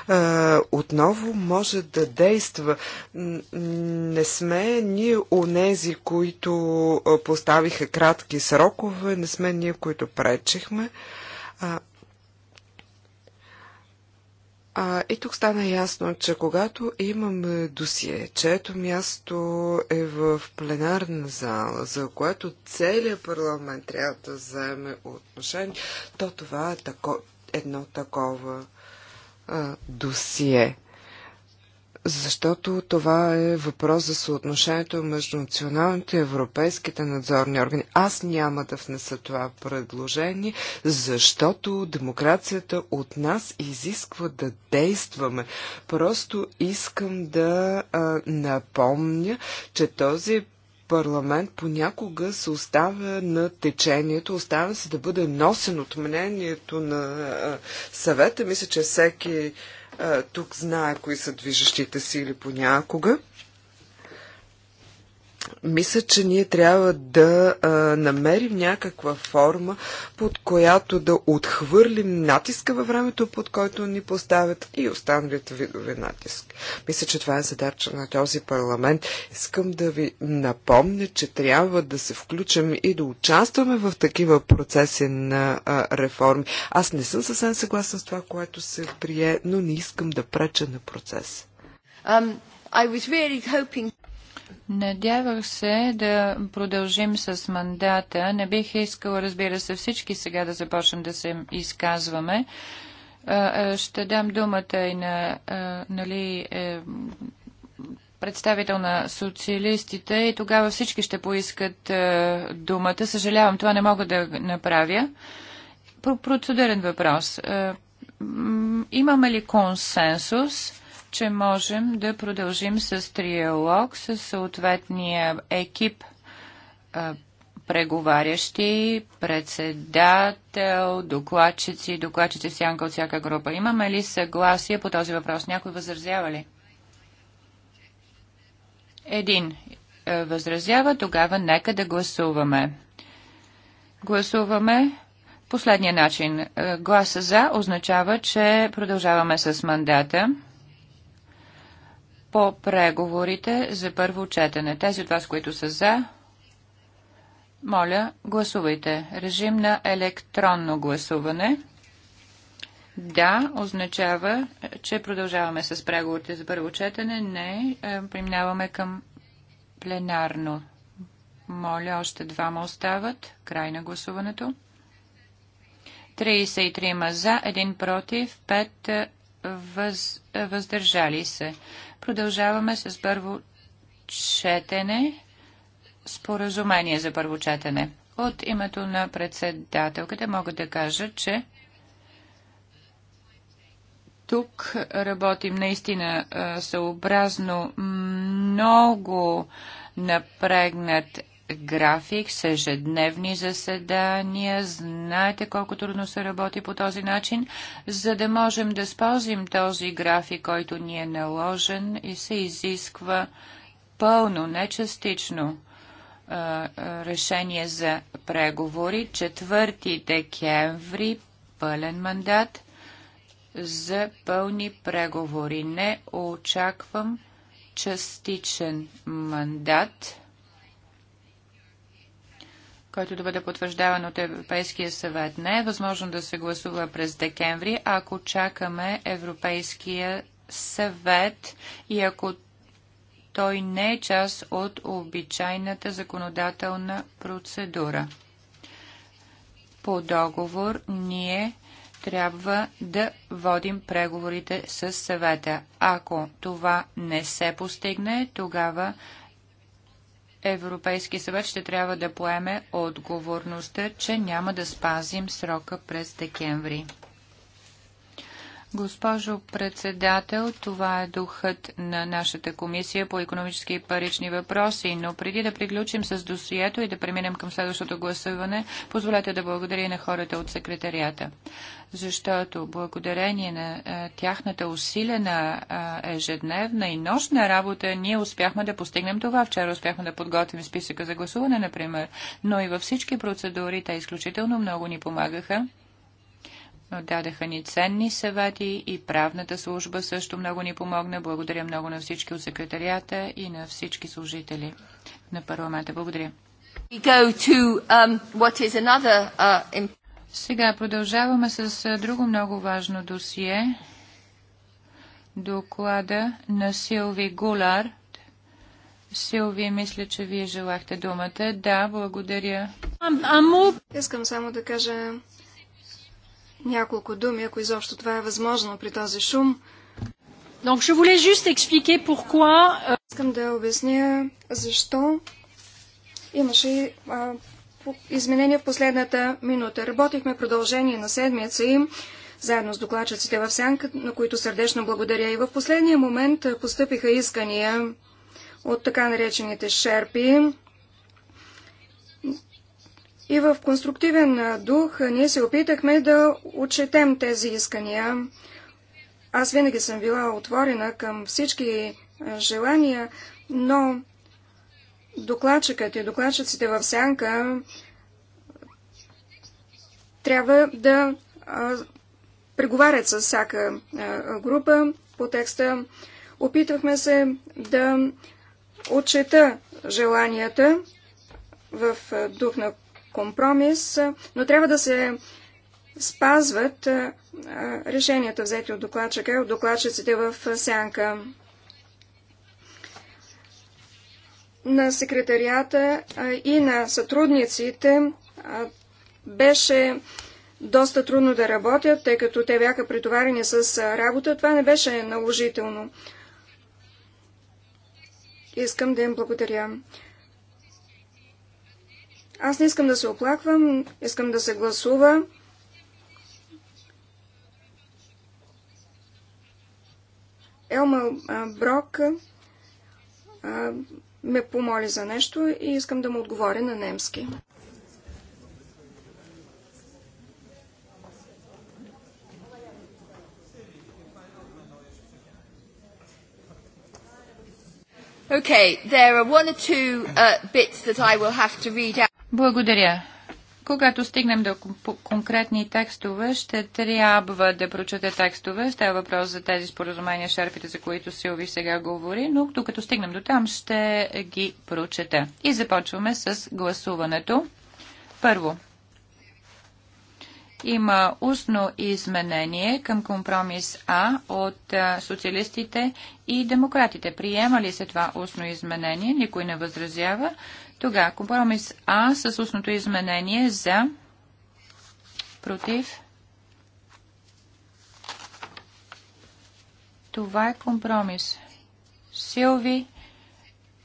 а, отново може да действа. Не сме ние онези, които поставиха кратки срокове, не сме ние, които пречихме. А, а, и тук стана ясно, че когато имаме досие, чето място е в пленарна зала, за което целият парламент трябва да вземе отношение, то това е тако, едно такова а, досие защото това е въпрос за съотношението между националните и европейските надзорни органи. Аз няма да внеса това предложение, защото демокрацията от нас изисква да действаме. Просто искам да а, напомня, че този парламент понякога се оставя на течението, оставя се да бъде носен от мнението на съвета. Мисля, че всеки тук знае кои са движещите сили понякога мисля, че ние трябва да а, намерим някаква форма, под която да отхвърлим натиска във времето, под който ни поставят и останалите видове натиск. Мисля, че това е задача на този парламент. Искам да ви напомня, че трябва да се включим и да участваме в такива процеси на а, реформи. Аз не съм съвсем съгласен с това, което се прие, но не искам да преча на процес. Um, I was really hoping... Надявах се да продължим с мандата. Не бих искала, разбира се, всички сега да започнем да се изказваме. Ще дам думата и на нали, е, представител на социалистите и тогава всички ще поискат думата. Съжалявам, това не мога да направя. процедурен въпрос. Имаме ли консенсус? че можем да продължим с триалог с съответния екип преговарящи, председател, докладчици, докладчици сянка от всяка група. Имаме ли съгласие по този въпрос? Някой възразява ли? Един е, възразява, тогава нека да гласуваме. Гласуваме последния начин. Е, гласа за означава, че продължаваме с мандата по преговорите за първо четене. Тези от вас, които са за, моля, гласувайте. Режим на електронно гласуване. Да, означава, че продължаваме с преговорите за първо четене. Не, е, преминаваме към пленарно. Моля, още двама остават. Край на гласуването. 33 за, 1 против, 5 е, въз, е, въздържали се. Продължаваме с първо четене, споразумение за първо четене. От името на председателката мога да кажа, че тук работим наистина съобразно много напрегнат график, с ежедневни заседания. Знаете колко трудно се работи по този начин, за да можем да спазим този график, който ни е наложен и се изисква пълно, не частично решение за преговори. 4 декември пълен мандат за пълни преговори. Не очаквам частичен мандат който да бъде потвърждаван от Европейския съвет. Не е възможно да се гласува през декември, ако чакаме Европейския съвет и ако той не е част от обичайната законодателна процедура. По договор ние трябва да водим преговорите с съвета. Ако това не се постигне, тогава Европейски съвет ще трябва да поеме отговорността, че няма да спазим срока през декември. Госпожо председател, това е духът на нашата комисия по економически и парични въпроси, но преди да приключим с досието и да преминем към следващото гласуване, позволете да благодаря на хората от секретарията, защото благодарение на а, е, тяхната усилена а, е, ежедневна и нощна работа ние успяхме да постигнем това. Вчера успяхме да подготвим списъка за гласуване, например, но и във всички процедури те изключително много ни помагаха Дадаха ни ценни съвети и правната служба също много ни помогна. Благодаря много на всички от секретарията и на всички служители на парламента. Благодаря. Um, uh, Сега продължаваме с друго много важно досие. Доклада на Силви Гулар. Силви, мисля, че вие желахте думата. Да, благодаря. Искам само да кажа няколко думи, ако изобщо това е възможно при този шум. Donc, je voulais juste expliquer pourquoi... Euh, Искам да обясня защо имаше а, изменения в последната минута. Работихме продължение на седмица им, заедно с докладчиците в Сянка, на които сърдечно благодаря. И в последния момент постъпиха искания от така наречените шерпи, и в конструктивен дух ние се опитахме да отчетем тези искания. Аз винаги съм била отворена към всички желания, но докладчикът и докладчиците в сянка трябва да преговарят с всяка група по текста. Опитвахме се да отчета желанията в дух на компромис, но трябва да се спазват решенията, взети от докладчика и от докладчиците в сянка. На секретарията и на сътрудниците беше доста трудно да работят, тъй като те бяха претоварени с работа. Това не беше наложително. Искам да им благодаря. Аз не искам да се оплаквам, искам да се гласува. Елма Брок ме помоли за нещо и искам да му отговоря на немски. Okay, there are one or two uh, bits that I will have to read out. Благодаря. Когато стигнем до конкретни текстове, ще трябва да прочета текстове. Става въпрос за тези споразумения, шерпите, за които Силви сега говори, но докато стигнем до там, ще ги прочета. И започваме с гласуването. Първо, има устно изменение към компромис А от социалистите и демократите. Приема ли се това устно изменение? Никой не възразява. Тога, компромис А с устното изменение за, против. Това е компромис. Силви,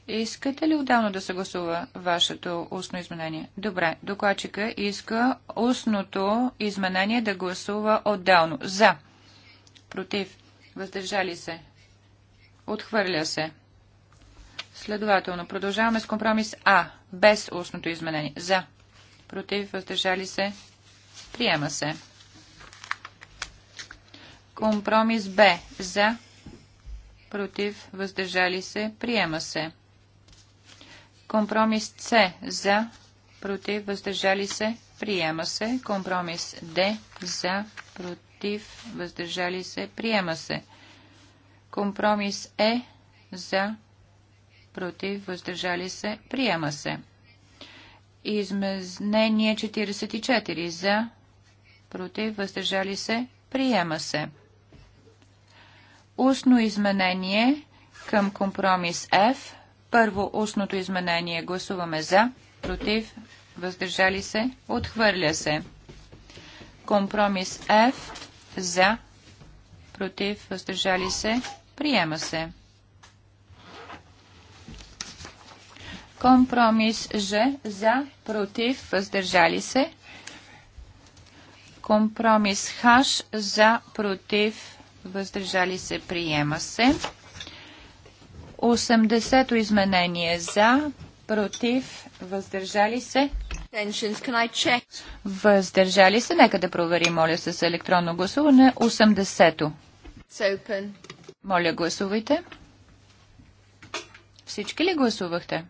искате ли отдавна да се гласува вашето устно изменение? Добре, докладчика иска устното изменение да гласува отделно. За, против, въздържали се, отхвърля се. Следователно, продължаваме с компромис А, без устното изменение. За. Против, въздържали се. Приема се. Компромис Б. За. Против, въздържали се. Приема се. Компромис С. За. Против, въздържали се. Приема се. Компромис Д. За. Против, въздържали се. Приема се. Компромис Е. За против, въздържали се, приема се. Изменение 44 за, против, въздържали се, приема се. Устно изменение към компромис F. Първо устното изменение гласуваме за, против, въздържали се, отхвърля се. Компромис F за, против, въздържали се, приема се. Компромис Ж за, против, въздържали се. Компромис Х за, против, въздържали се, приема се. 80-то изменение за, против, въздържали се. Въздържали се. Нека да проверим, моля, с електронно гласуване. 80-то. Моля, гласувайте. Всички ли гласувахте?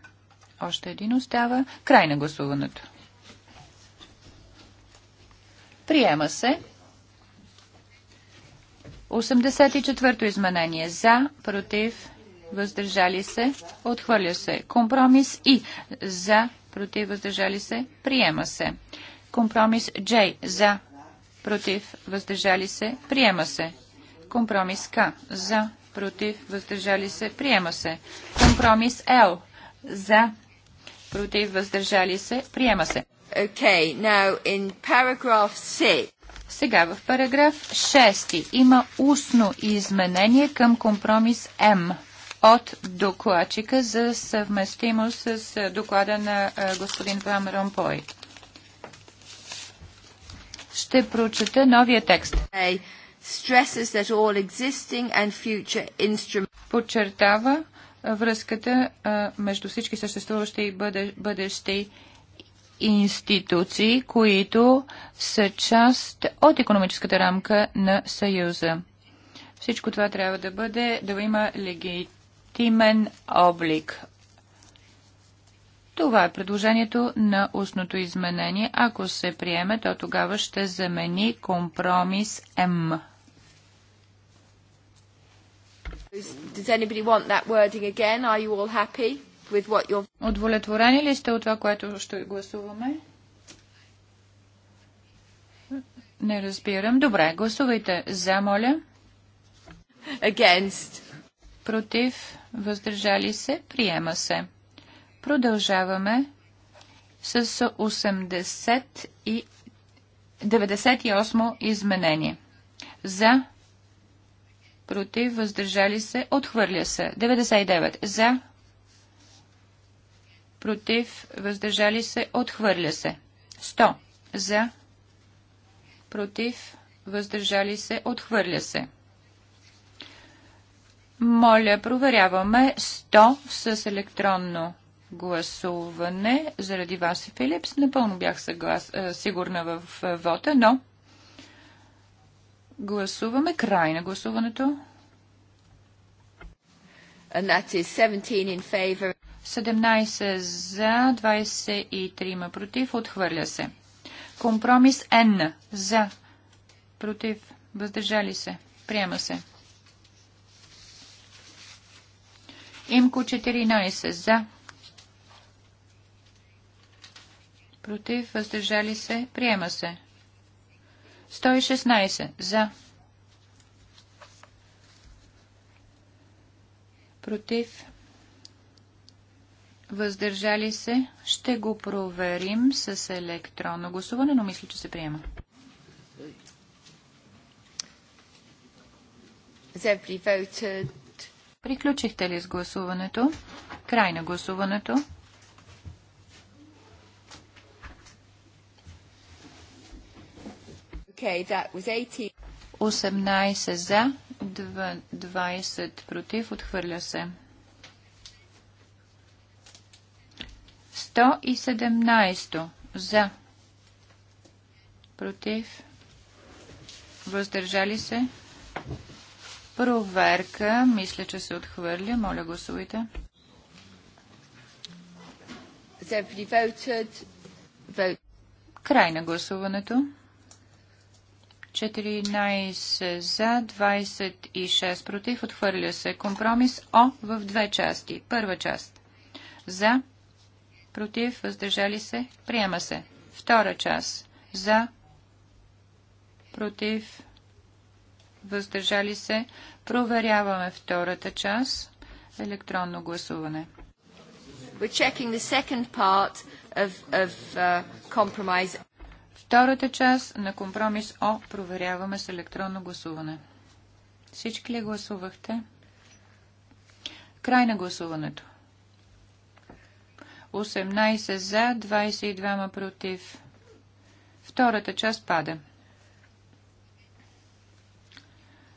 Още един остава. Край на гласуването. Приема се. 84-то изменение за, против, въздържали се, отхвърля се. Компромис И за, против, въздържали се, приема се. Компромис J за, против, въздържали се, приема се. Компромис К за, против, въздържали се, приема се. Компромис Л за, против, въздържали се, приема се. Okay, now in paragraph six. Сега в параграф 6 има устно изменение към компромис М от докладчика за съвместимост с доклада на господин Вам Ромпой. Ще прочета новия текст. that all and подчертава връзката между всички съществуващи и бъде, бъдещи институции, които са част от економическата рамка на Съюза. Всичко това трябва да бъде, да има легитимен облик. Това е предложението на устното изменение. Ако се приеме, то тогава ще замени компромис М. Does anybody want that wording again? Are you all happy with what you're... Удовлетворени ли сте от това, което ще гласуваме? Не разбирам. Добре, гласувайте за, моля. Against. Против. Въздържали се. Приема се. Продължаваме с 80 и 98 изменение. За против, въздържали се, отхвърля се. 99 за, против, въздържали се, отхвърля се. 100 за, против, въздържали се, отхвърля се. Моля, проверяваме 100 с електронно гласуване. Заради вас, Филипс, напълно бях съглас, е, сигурна в е, вота, но Гласуваме край на гласуването. 17 за, 23 против, отхвърля се. Компромис Н. За. Против. Въздържали се. Приема се. Имко 14. За. Против. Въздържали се. Приема се. 116 за. Против. Въздържали се. Ще го проверим с електронно гласуване, но мисля, че се приема. Приключихте ли с гласуването? Край на гласуването. 18 за, 20 против, отхвърля се. 117 за, против, въздържали се. Проверка, мисля, че се отхвърля. Моля, гласувайте. Край на гласуването. 14 за, 26 против. Отхвърля се компромис О в две части. Първа част. За, против, въздържали се, приема се. Втора част. За, против, въздържали се. Проверяваме втората част. Електронно гласуване. We're checking the second part of, of uh, compromise Втората част на компромис О проверяваме с електронно гласуване. Всички ли гласувахте? Край на гласуването. 18 за, 22 против. Втората част пада.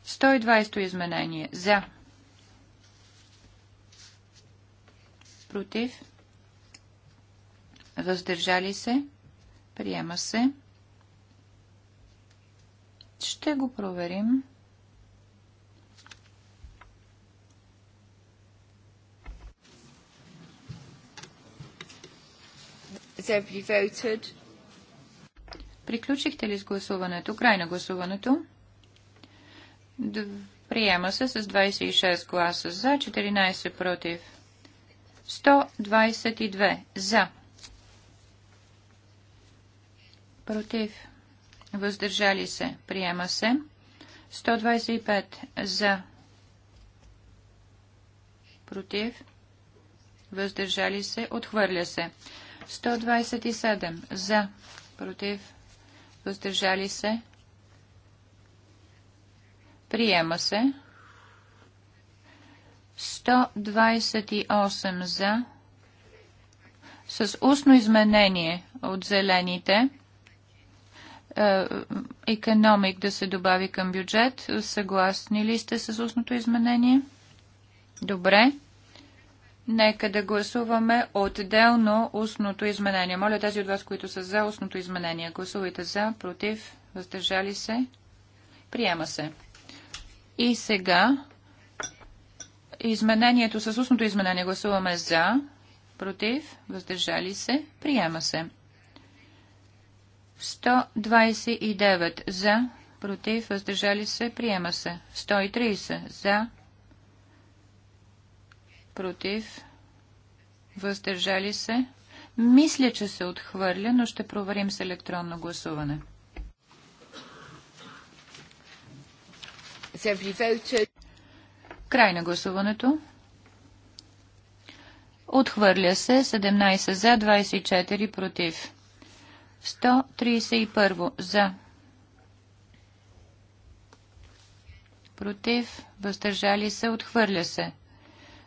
120 изменение. За. Против. Въздържали се. Приема се. Ще го проверим. Приключихте ли с гласуването? Край на гласуването. Приема се с 26 гласа за, 14 против. 122 за. Против въздържали се, приема се. 125 за, против, въздържали се, отхвърля се. 127 за, против, въздържали се, приема се. 128 за, с устно изменение от зелените, е, економик да се добави към бюджет. Съгласни ли сте с устното изменение? Добре. Нека да гласуваме отделно устното изменение. Моля тези от вас, които са за устното изменение, гласувайте за, против, въздържали се. Приема се. И сега изменението с устното изменение гласуваме за, против, въздържали се. Приема се. 129 за, против, въздържали се, приема се. 130 за, против, въздържали се. Мисля, че се отхвърля, но ще проверим с електронно гласуване. Край на гласуването. Отхвърля се 17 за, 24 против. 131 за. Против. Въздържали се. Отхвърля се.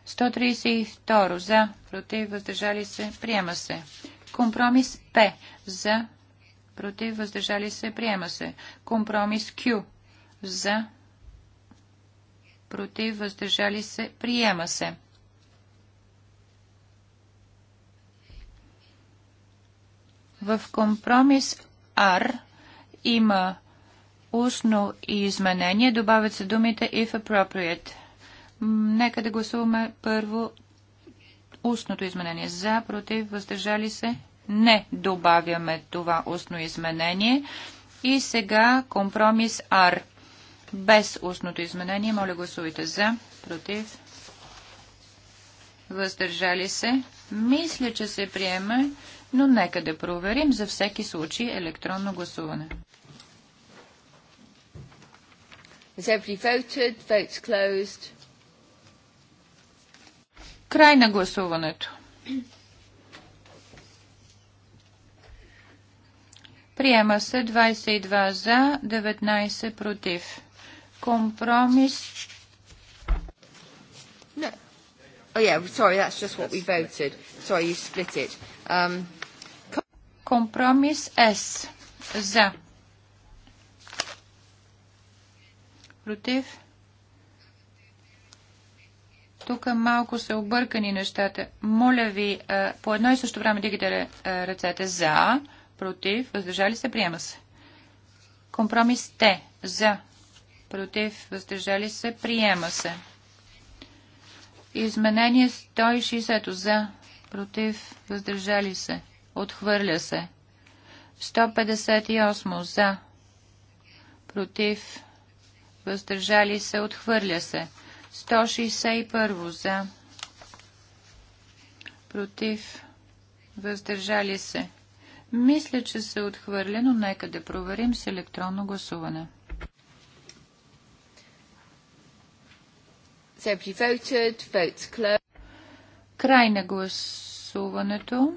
132 за. Против. Въздържали се. Приема се. Компромис П. За. Против. Въздържали се. Приема се. Компромис Q. За. Против. Въздържали се. Приема се. В компромис R има устно и изменение. Добавят се думите if appropriate. Нека да гласуваме първо устното изменение. За, против, въздържали се? Не добавяме това устно изменение. И сега компромис R. Без устното изменение, моля гласувайте за, против, въздържали се. Мисля, че се приема но нека да проверим за всеки случай електронно гласуване. Край на гласуването. Приема се 22 за, 19 против. Компромис. No. Oh yeah, sorry, that's just what we voted. Sorry, you split it. Um, Компромис С. За. Против. Тук малко са объркани нещата. Моля ви, по едно и също време дигате ръцете за, против, въздържали се, приема се. Компромис Т. За. Против, въздържали се, приема се. Изменение 160 за, против, въздържали се. Отхвърля се. 158 за. Против. Въздържали се. Отхвърля се. 161 за. Против. Въздържали се. Мисля, че се отхвърля, но нека да проверим с електронно гласуване. Край на гласуването.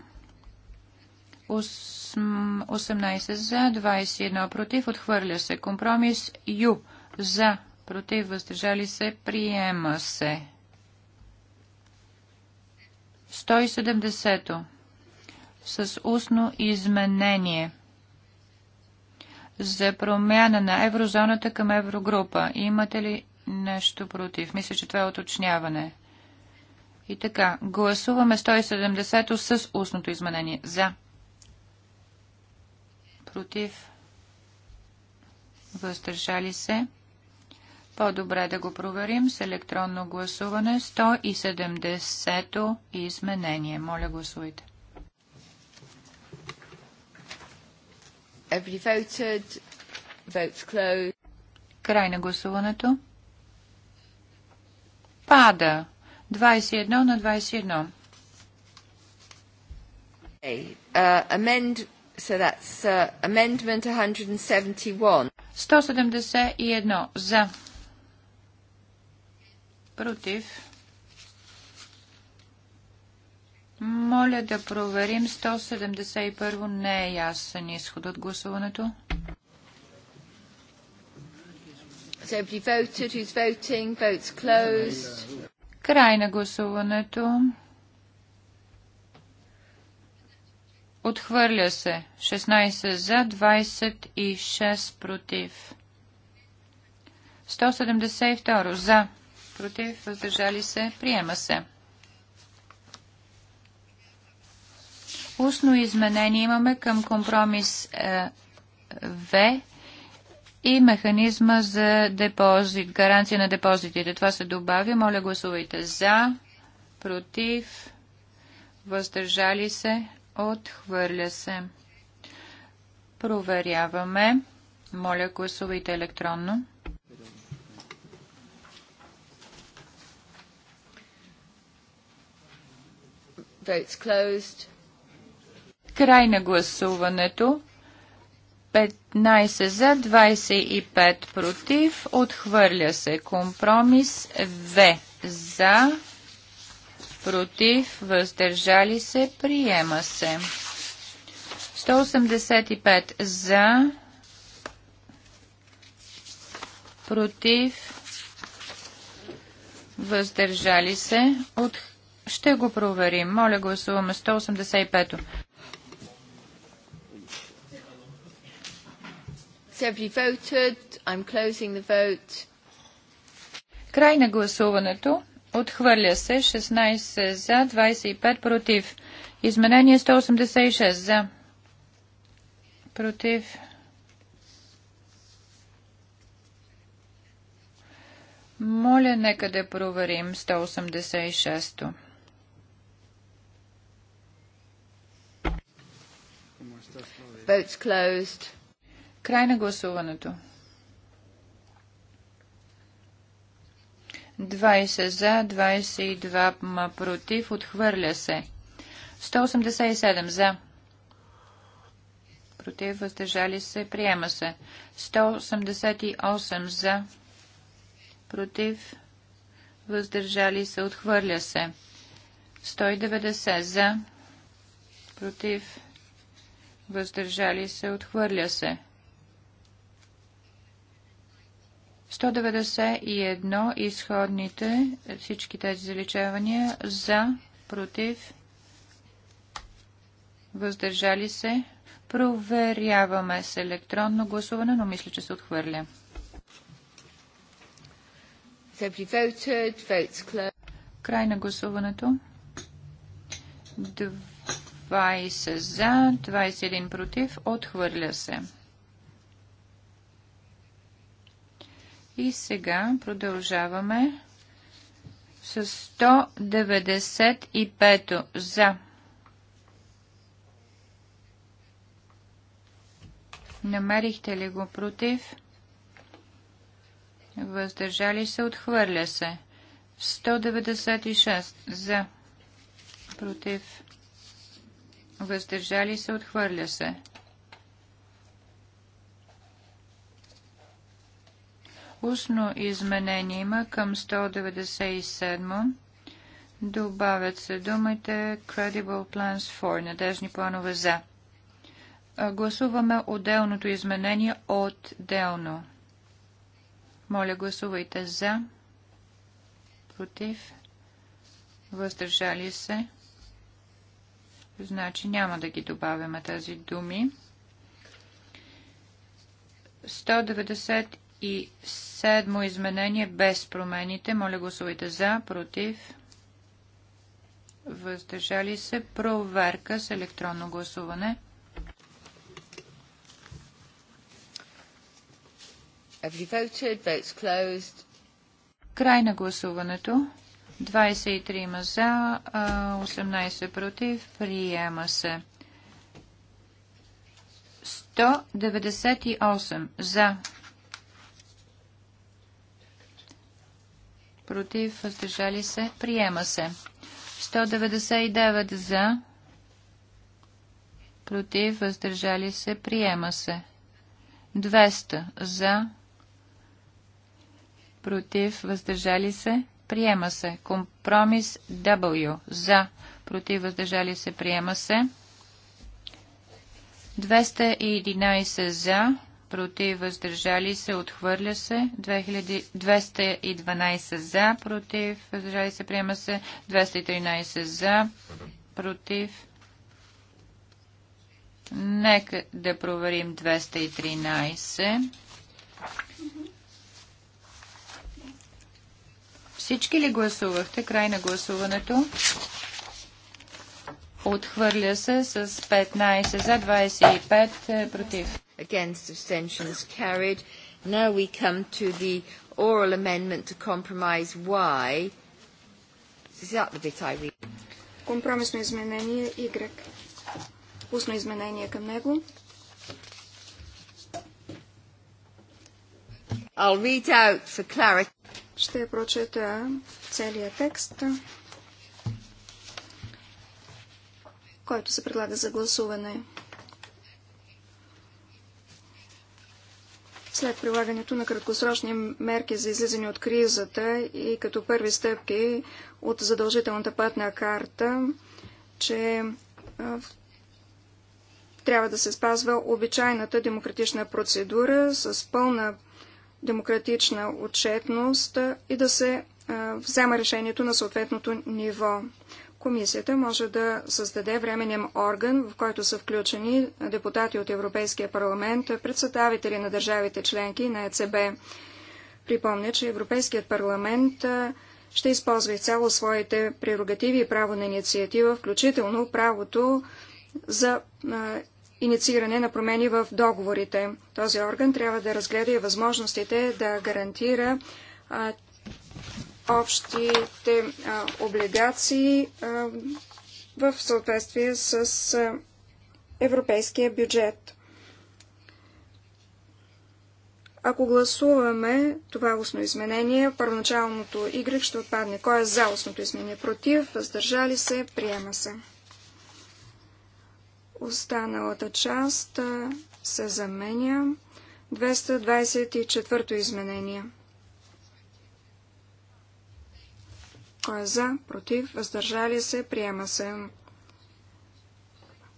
18 за, 21 против, отхвърля се. Компромис Ю за, против, въздържали се, приема се. 170 с устно изменение за промяна на еврозоната към еврогрупа. Имате ли нещо против? Мисля, че това е оточняване. И така, гласуваме 170 с устното изменение. За против, въздържали се. По-добре да го проверим с електронно гласуване. 170-то изменение. Моля, гласуйте. Every voted. Votes closed. Край на гласуването. Пада. 21 на 21. Okay. Uh, amend So that's uh, amendment 171. 171 за. Против. Моля да проверим. 171 не е ясен изход от гласуването. Voted, voting, Край на гласуването. Отхвърля се. 16 за, 26 против. 172 за, против, въздържали се, приема се. Устно изменение имаме към компромис е, В и механизма за депозит, гаранция на депозитите. Това се добавя. Моля гласувайте за, против, въздържали се, Отхвърля се. Проверяваме. Моля, гласувайте електронно. Votes closed. Край на гласуването. 15 за, 25 против. Отхвърля се компромис В за, против, въздържали се, приема се. 185 за, против, въздържали се. От... Ще го проверим. Моля, гласуваме 185 Край на гласуването. Отхвърля се 16 за, 25 против. Изменение 186 за. Против. Моля, нека да проверим 186-то. Край на гласуването. 20 за, 22 против, отхвърля се. 187 за. Против, въздържали се, приема се. 188 за. Против, въздържали се, отхвърля се. 190 за. Против, въздържали се, отхвърля се. 191 изходните, всички тези заличавания, за, против, въздържали се. Проверяваме с електронно гласуване, но мисля, че се отхвърля. Край на гласуването. 20 за, 21 против, отхвърля се. И сега продължаваме с 195 за. Намерихте ли го против? Въздържали се, отхвърля се. 196 за. Против. Въздържали се, отхвърля се. Устно изменение има към 197. Добавят се думите Credible Plans for, надежни планове за. Гласуваме отделното изменение отделно. Моля, гласувайте за, против, въздържали се. Значи няма да ги добавяме тези думи. 190 и седмо изменение без промените. Моля гласувайте за, против, въздържали се. Проверка с електронно гласуване. Край на гласуването. 23 има за, 18 против. Приема се. 198 за, против, въздържали се, приема се. 199 за, против, въздържали се, приема се. 200 за, против, въздържали се, приема се. Компромис W за, против, въздържали се, приема се. 211 за, против, въздържали се, отхвърля се. 212 за, против, въздържали се, приема се. 213 за, против. Нека да проверим 213. Всички ли гласувахте? Край на гласуването. Отхвърля се с 15 за 25 е, против against abstentions carried. Now we come to the oral amendment to compromise Y. Is that the bit I read? Компромисно изменение Y. Устно изменение към него. I'll read out for clarity. Ще прочета целият текст, който се предлага за гласуване. След прилагането на краткосрочни мерки за излизане от кризата и като първи стъпки от задължителната пътна карта, че трябва да се спазва обичайната демократична процедура с пълна демократична отчетност и да се взема решението на съответното ниво. Комисията може да създаде временен орган, в който са включени депутати от Европейския парламент, представители на държавите членки и на ЕЦБ. Припомня, че Европейският парламент ще използва изцяло своите прерогативи и право на инициатива, включително правото за иницииране на промени в договорите. Този орган трябва да разгледа и възможностите да гарантира, общите облигации в съответствие с европейския бюджет. Ако гласуваме това устно изменение, първоначалното Y ще отпадне. Кой е за устното изменение? Против, въздържали се, приема се. Останалата част се заменя. 224 изменение. Кой е за? Против? Въздържали се? Приема се.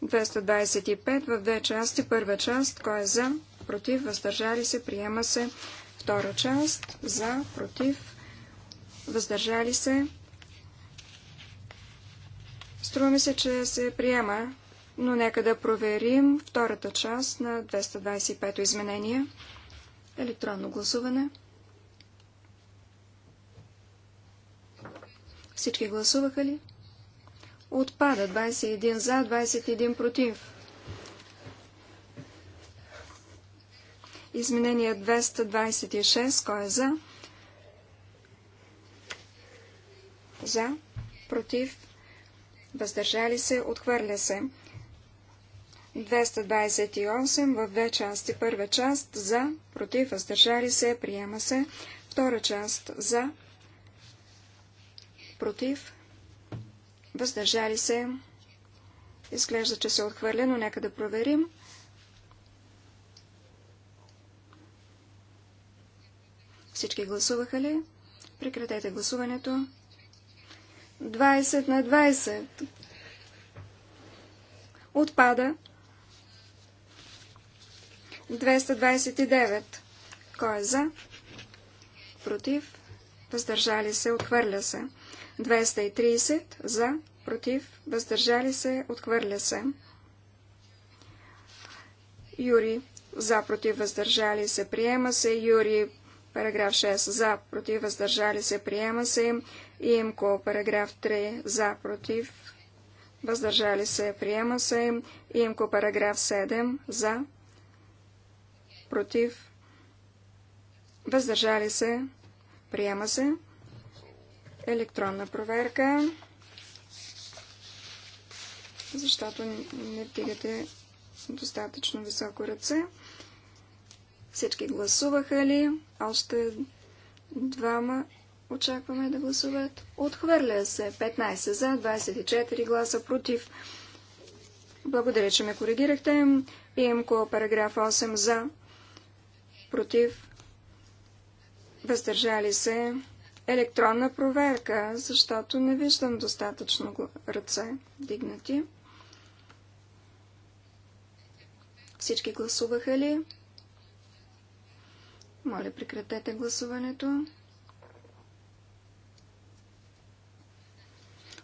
225 в две части. Първа част. Кой е за? Против? Въздържали се? Приема се. Втора част. За? Против? Въздържали се? Струва ми се, че се приема, но нека да проверим втората част на 225 изменение. Електронно гласуване. Всички гласуваха ли? Отпада 21 за, 21 против. Изменение 226. Кой е за? За, против, въздържали се, отхвърля се. 228 в две части. Първа част за, против, въздържали се, приема се. Втора част за, против, въздържали се. Изглежда, че се отхвърля, но нека да проверим. Всички гласуваха ли? Прекратете гласуването. 20 на 20. Отпада. 229. Кой е за? Против? въздържали се, отхвърля се. 230 за, против, въздържали се, отхвърля се. Юри за, против, въздържали се, приема се. Юри, параграф 6, за, против, въздържали се, приема се. Имко, параграф 3, за, против, въздържали се, приема се. Имко, параграф 7, за, против, въздържали се, Приема се. Електронна проверка. Защото не вдигате достатъчно високо ръце. Всички гласуваха ли? Още двама очакваме да гласуват. Отхвърля се 15 за, 24 гласа против. Благодаря, че ме коригирахте. Имко параграф 8 за, против, въздържали се, електронна проверка, защото не виждам достатъчно ръце дигнати. Всички гласуваха ли? Моля, прекратете гласуването.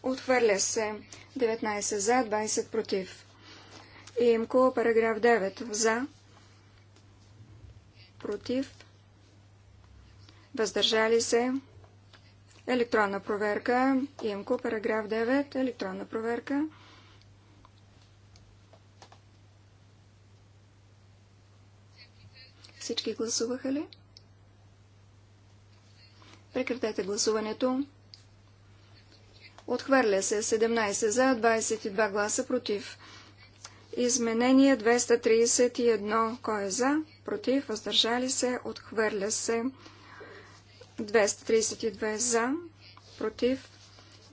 Отхвърля се 19 за, 20 против. Имко, параграф 9. За, против, въздържали се, електронна проверка, имко, параграф 9, електронна проверка. Всички гласуваха ли? Прекратете гласуването. Отхвърля се 17 за, 22 гласа против. Изменение 231. Кой е за? Против. Въздържали се. Отхвърля се. 232 за, против,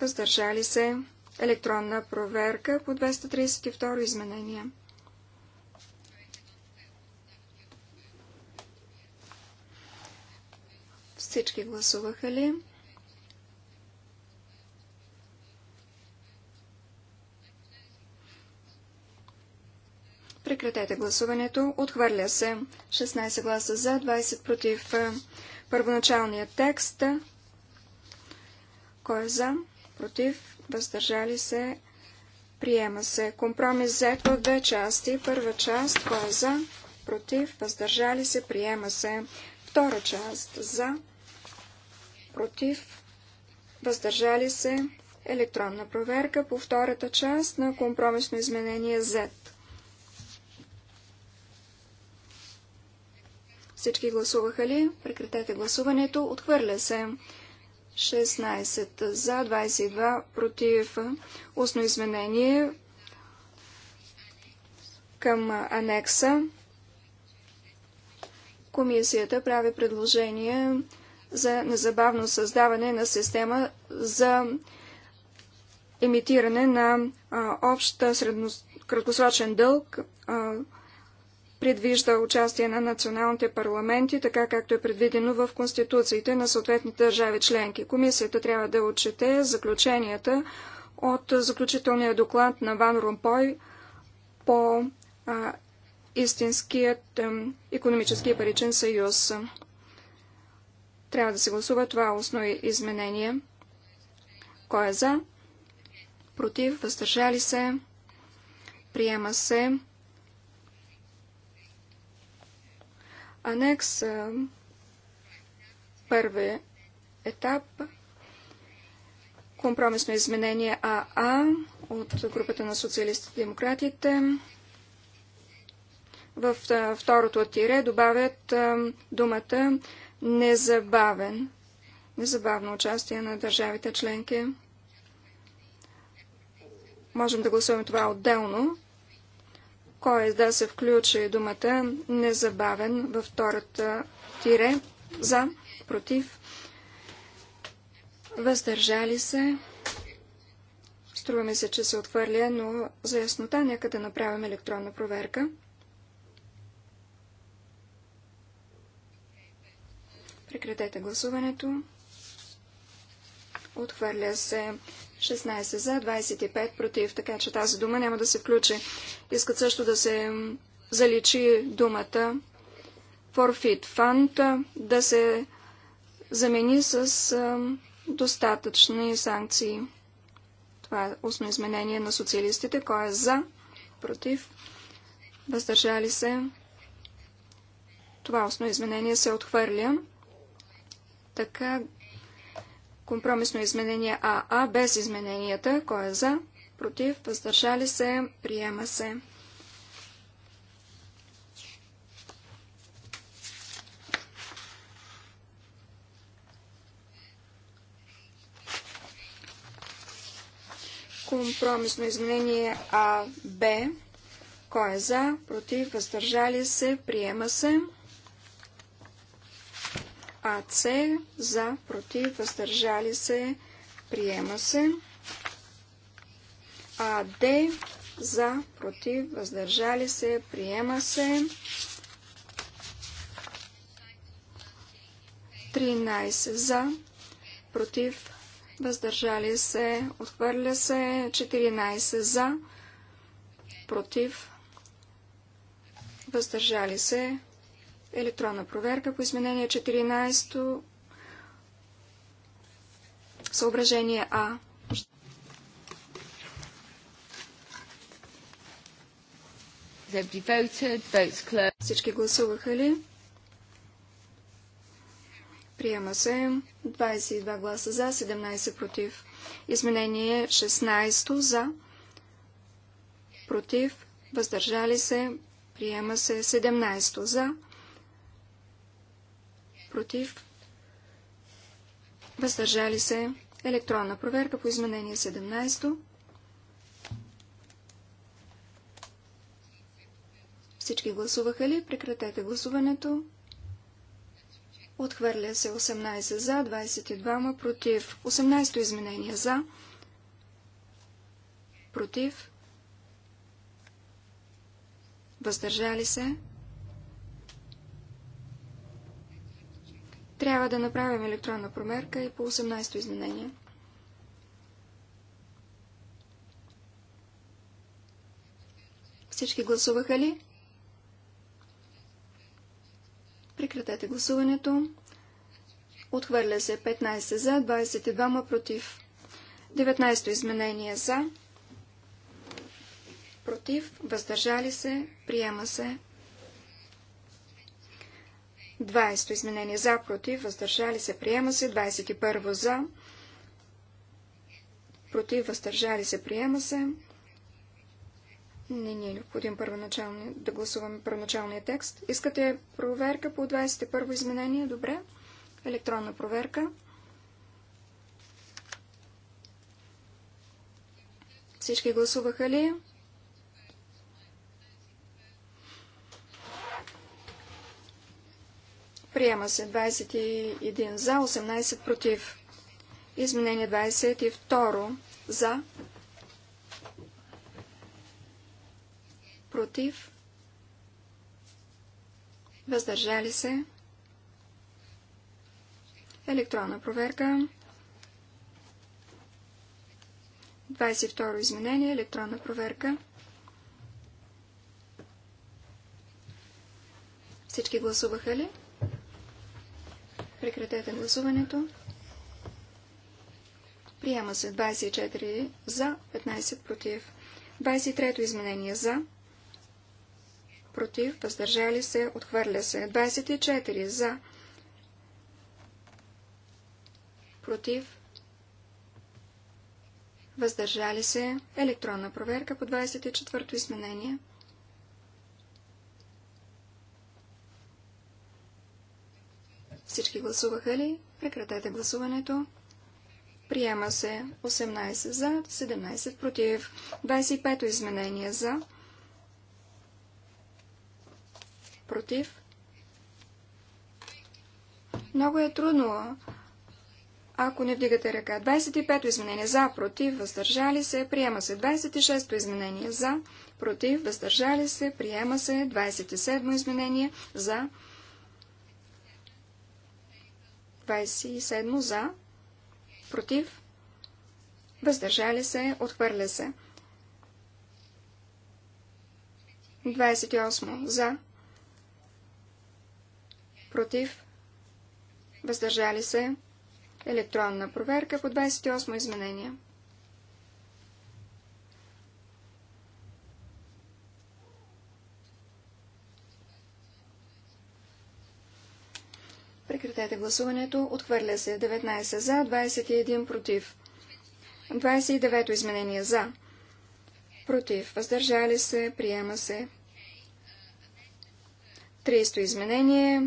въздържали се. Електронна проверка по 232 изменение. Всички гласуваха ли? Прекратете гласуването. Отхвърля се. 16 гласа за, 20 против първоначалния текст. Кой е за? Против? Въздържали се? Приема се. Компромис взет в две части. Първа част. Кой е за? Против? Въздържали се? Приема се. Втора част. За? Против? Въздържали се? Електронна проверка по втората част на компромисно изменение Z. Всички гласуваха ли? Прекратете гласуването. Отхвърля се. 16 за, 22 против. Устно изменение към анекса. Комисията прави предложение за незабавно създаване на система за емитиране на а, общ средно... краткосрочен дълг а, предвижда участие на националните парламенти, така както е предвидено в конституциите на съответните държави членки. Комисията трябва да отчете заключенията от заключителния доклад на Ван Румпой по а, истинският економически и паричен съюз. Трябва да се гласува това устно изменение. Кой е за? Против? Въздържали се? Приема се. Анекс първи етап компромисно изменение АА от групата на социалистите и демократите. В второто тире добавят думата незабавен, незабавно участие на държавите членки. Можем да гласуваме това отделно кой е да се включи думата незабавен във втората тире за, против, въздържали се. Струваме се, че се отвърля, но за яснота нека да направим електронна проверка. Прекратете гласуването. Отхвърля се 16 за, 25 против, така че тази дума няма да се включи. Искат също да се заличи думата forfeit fund, да се замени с достатъчни санкции. Това е устно изменение на социалистите. Кой е за, против, въздържали се. Това устно изменение се отхвърля. Така Компромисно изменение АА без измененията. Кой е за? Против? Въздържали се? Приема се. компромисно изменение А, Б. Кой е за? Против? Въздържали се? Приема се. АЦ за, против, въздържали се, приема се. АД за, против, въздържали се, приема се. 13 за, против, въздържали се, отхвърля се, 14 за, против, въздържали се, електронна проверка по изменение 14 съображение А. Всички гласуваха ли? Приема се 22 гласа за, 17 против. Изменение 16 за, против, въздържали се, приема се 17 за, против, въздържали се, електронна проверка по изменение 17. Всички гласуваха ли? Прекратете гласуването. Отхвърля се 18 за, 22 против. 18 изменение за, против, въздържали се, Трябва да направим електронна промерка и по 18-то изменение. Всички гласуваха ли? Прекратете гласуването. Отхвърля се 15 за, 22 ма против. 19-то изменение за. Против. Въздържали се. Приема се. 20 изменение за, против, въздържали се, приема се. 21 за, против, въздържали се, приема се. Не ни е необходим първоначални, да гласуваме първоначалния текст. Искате проверка по 21 изменение? Добре. Електронна проверка. Всички гласуваха ли? Приема се 21 за, 18 против. Изменение 22 за, против, въздържали се. Електронна проверка. 22 изменение, електронна проверка. Всички гласуваха ли? Прекратете гласуването. Приема се 24 за, 15 против. 23-то изменение за, против, въздържали се, отхвърля се. 24 за, против, въздържали се. Електронна проверка по 24-то изменение. Всички гласуваха ли? Прекратете гласуването. Приема се 18 за, 17 против, 25 изменение за, против. Много е трудно, ако не вдигате ръка. 25 изменение за, против, въздържали се, приема се. 26 изменение за, против, въздържали се, приема се. 27 изменение за, против 27 за, против, въздържали се, отхвърля се. 28 за, против, въздържали се, електронна проверка по 28 изменения. Прекратете гласуването. Отхвърля се. 19 за, 21 против. 29 изменение за. Против. Въздържали се. Приема се. 30 изменение.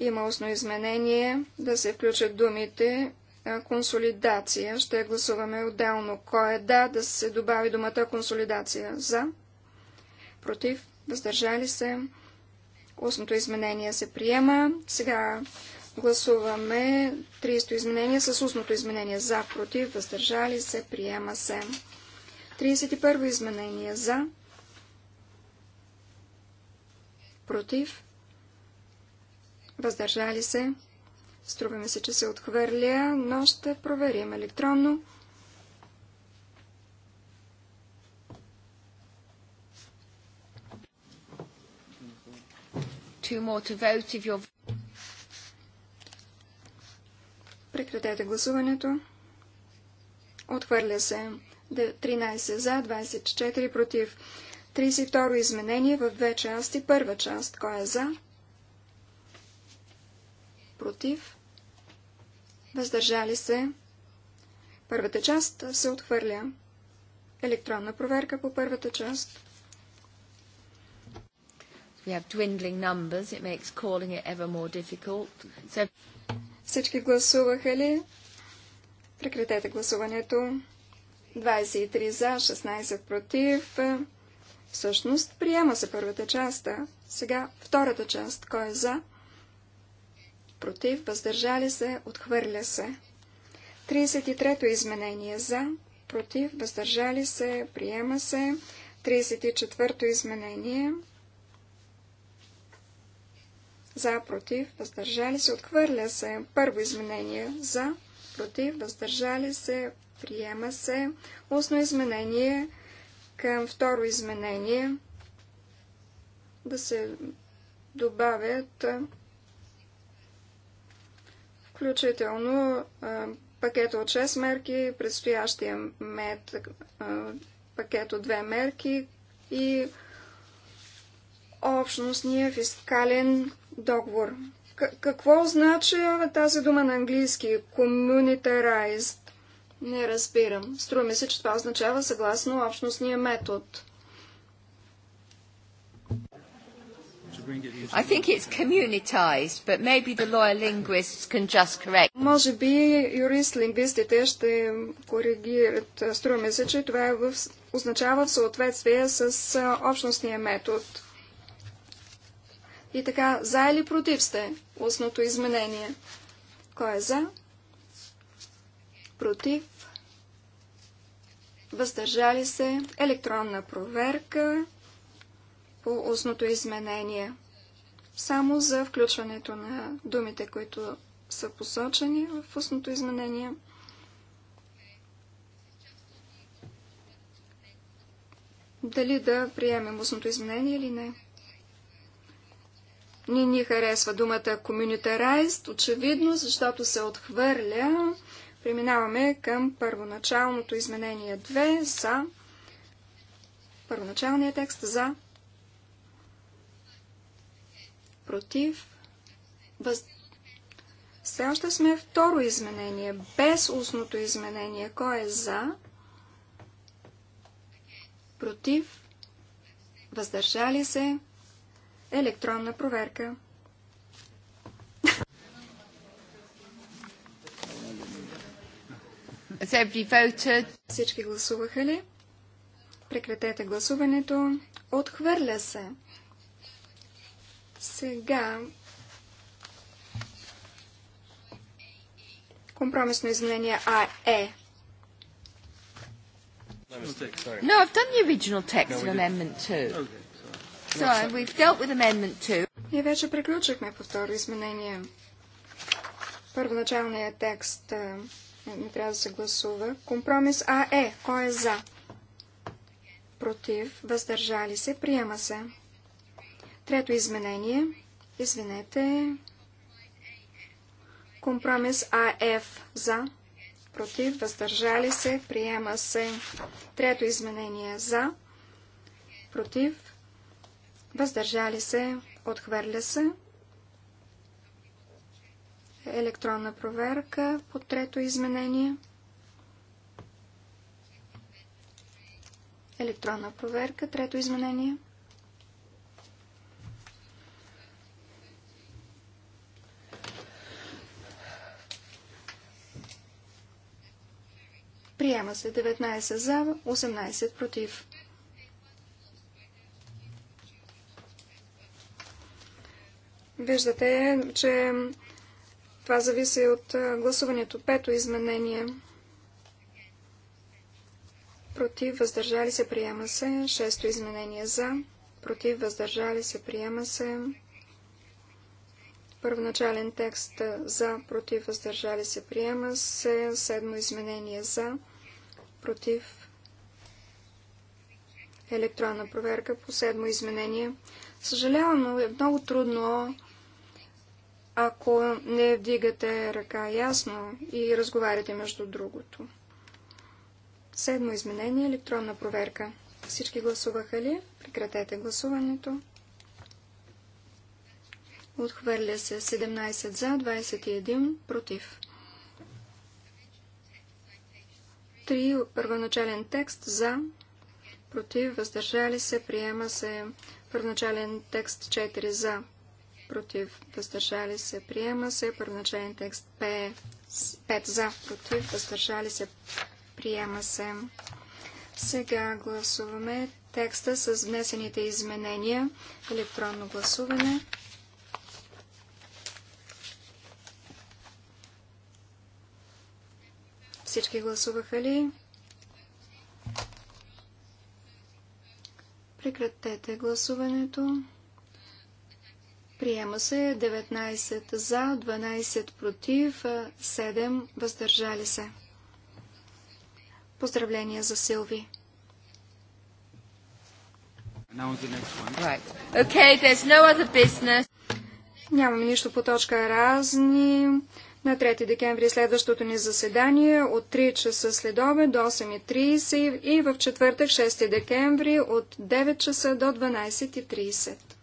Има устно изменение да се включат думите консолидация. Ще гласуваме отделно. Кой е да, да се добави думата консолидация. За. Против. Въздържали се. Осмото изменение се приема. Сега гласуваме 30-то изменение с устното изменение за, против, въздържали се, приема се. 31-во изменение за, против, въздържали се. Струва ми се, че се отхвърля, но ще проверим електронно. two more to vote if you're... Прекратете гласуването. Отхвърля се. 13 за, 24 против. 32 изменение в две части. Първа част. Кой е за? Против. Въздържали се. Първата част се отхвърля. Електронна проверка по първата част. We have dwindling numbers. It makes calling it ever more difficult. So... Всички гласуваха ли? Прекратете гласуването. 23 за, 16 против. Всъщност приема се първата част. Сега втората част. Кой е за? Против, въздържали се, отхвърля се. 33-то изменение за, против, въздържали се, приема се. 34-то изменение за, против, въздържали се, отхвърля се. Първо изменение за, против, въздържали се, приема се. Устно изменение към второ изменение да се добавят включително пакета от 6 мерки, предстоящия мед, пакет от 2 мерки и общностния фискален договор. Какво значи тази дума на английски? Communitarized. Не разбирам. ми се, че това означава съгласно общностния метод. I think it's communitized, but maybe the lawyer linguists can just correct. Може би юрист-лингвистите ще коригират. Струми се, че това е в... означава в съответствие с общностния метод. И така, за или против сте устното изменение? Кой е за? Против? Въздържали се? Електронна проверка по устното изменение. Само за включването на думите, които са посочени в устното изменение. Дали да приемем устното изменение или не? Не ни харесва думата communitarized, очевидно, защото се отхвърля. Преминаваме към първоначалното изменение 2 за първоначалния текст за против въз... Все още сме второ изменение, без устното изменение. Кой е за? Против? Въздържали се? електронна проверка. Всички гласуваха ли? Прекратете гласуването. Отхвърля се. Сега компромисно изменение А е. No, I've done the original text no, of Amendment 2. Okay. So, we've dealt with amendment Ние вече приключихме по второ изменение. Първоначалният текст не трябва да се гласува. Компромис А е. Кой е за? Против. Въздържали се. Приема се. Трето изменение. Извинете. Компромис АФ за. Против. Въздържали се. Приема се. Трето изменение за. Против въздържали се, отхвърля се. Електронна проверка по трето изменение. Електронна проверка, трето изменение. Приема се 19 за, 18 против. Виждате, че това зависи от гласуването. Пето изменение. Против, въздържали се, приема се. Шесто изменение за. Против, въздържали се, приема се. Първоначален текст за. Против, въздържали се, приема се. Седмо изменение за. Против. Електронна проверка по седмо изменение. Съжалявам, но е много трудно ако не вдигате ръка ясно и разговаряте между другото. Седмо изменение – електронна проверка. Всички гласуваха ли? Прекратете гласуването. Отхвърля се 17 за, 21 против. 3. Първоначален текст за, против, въздържали се, приема се. Първоначален текст 4 за, против, въздържали се, приема се. Първоначален текст 5 за, против, въздържали се, приема се. Сега гласуваме текста с внесените изменения. Електронно гласуване. Всички гласуваха ли? Прекратете гласуването. Приема се 19 за, 12 против, 7 въздържали се. Поздравления за Силви. Нямаме нищо по точка разни. На 3 декември следващото ни заседание от 3 часа след обед до 8.30 и в четвъртък 6 декември от 9 часа до 12.30.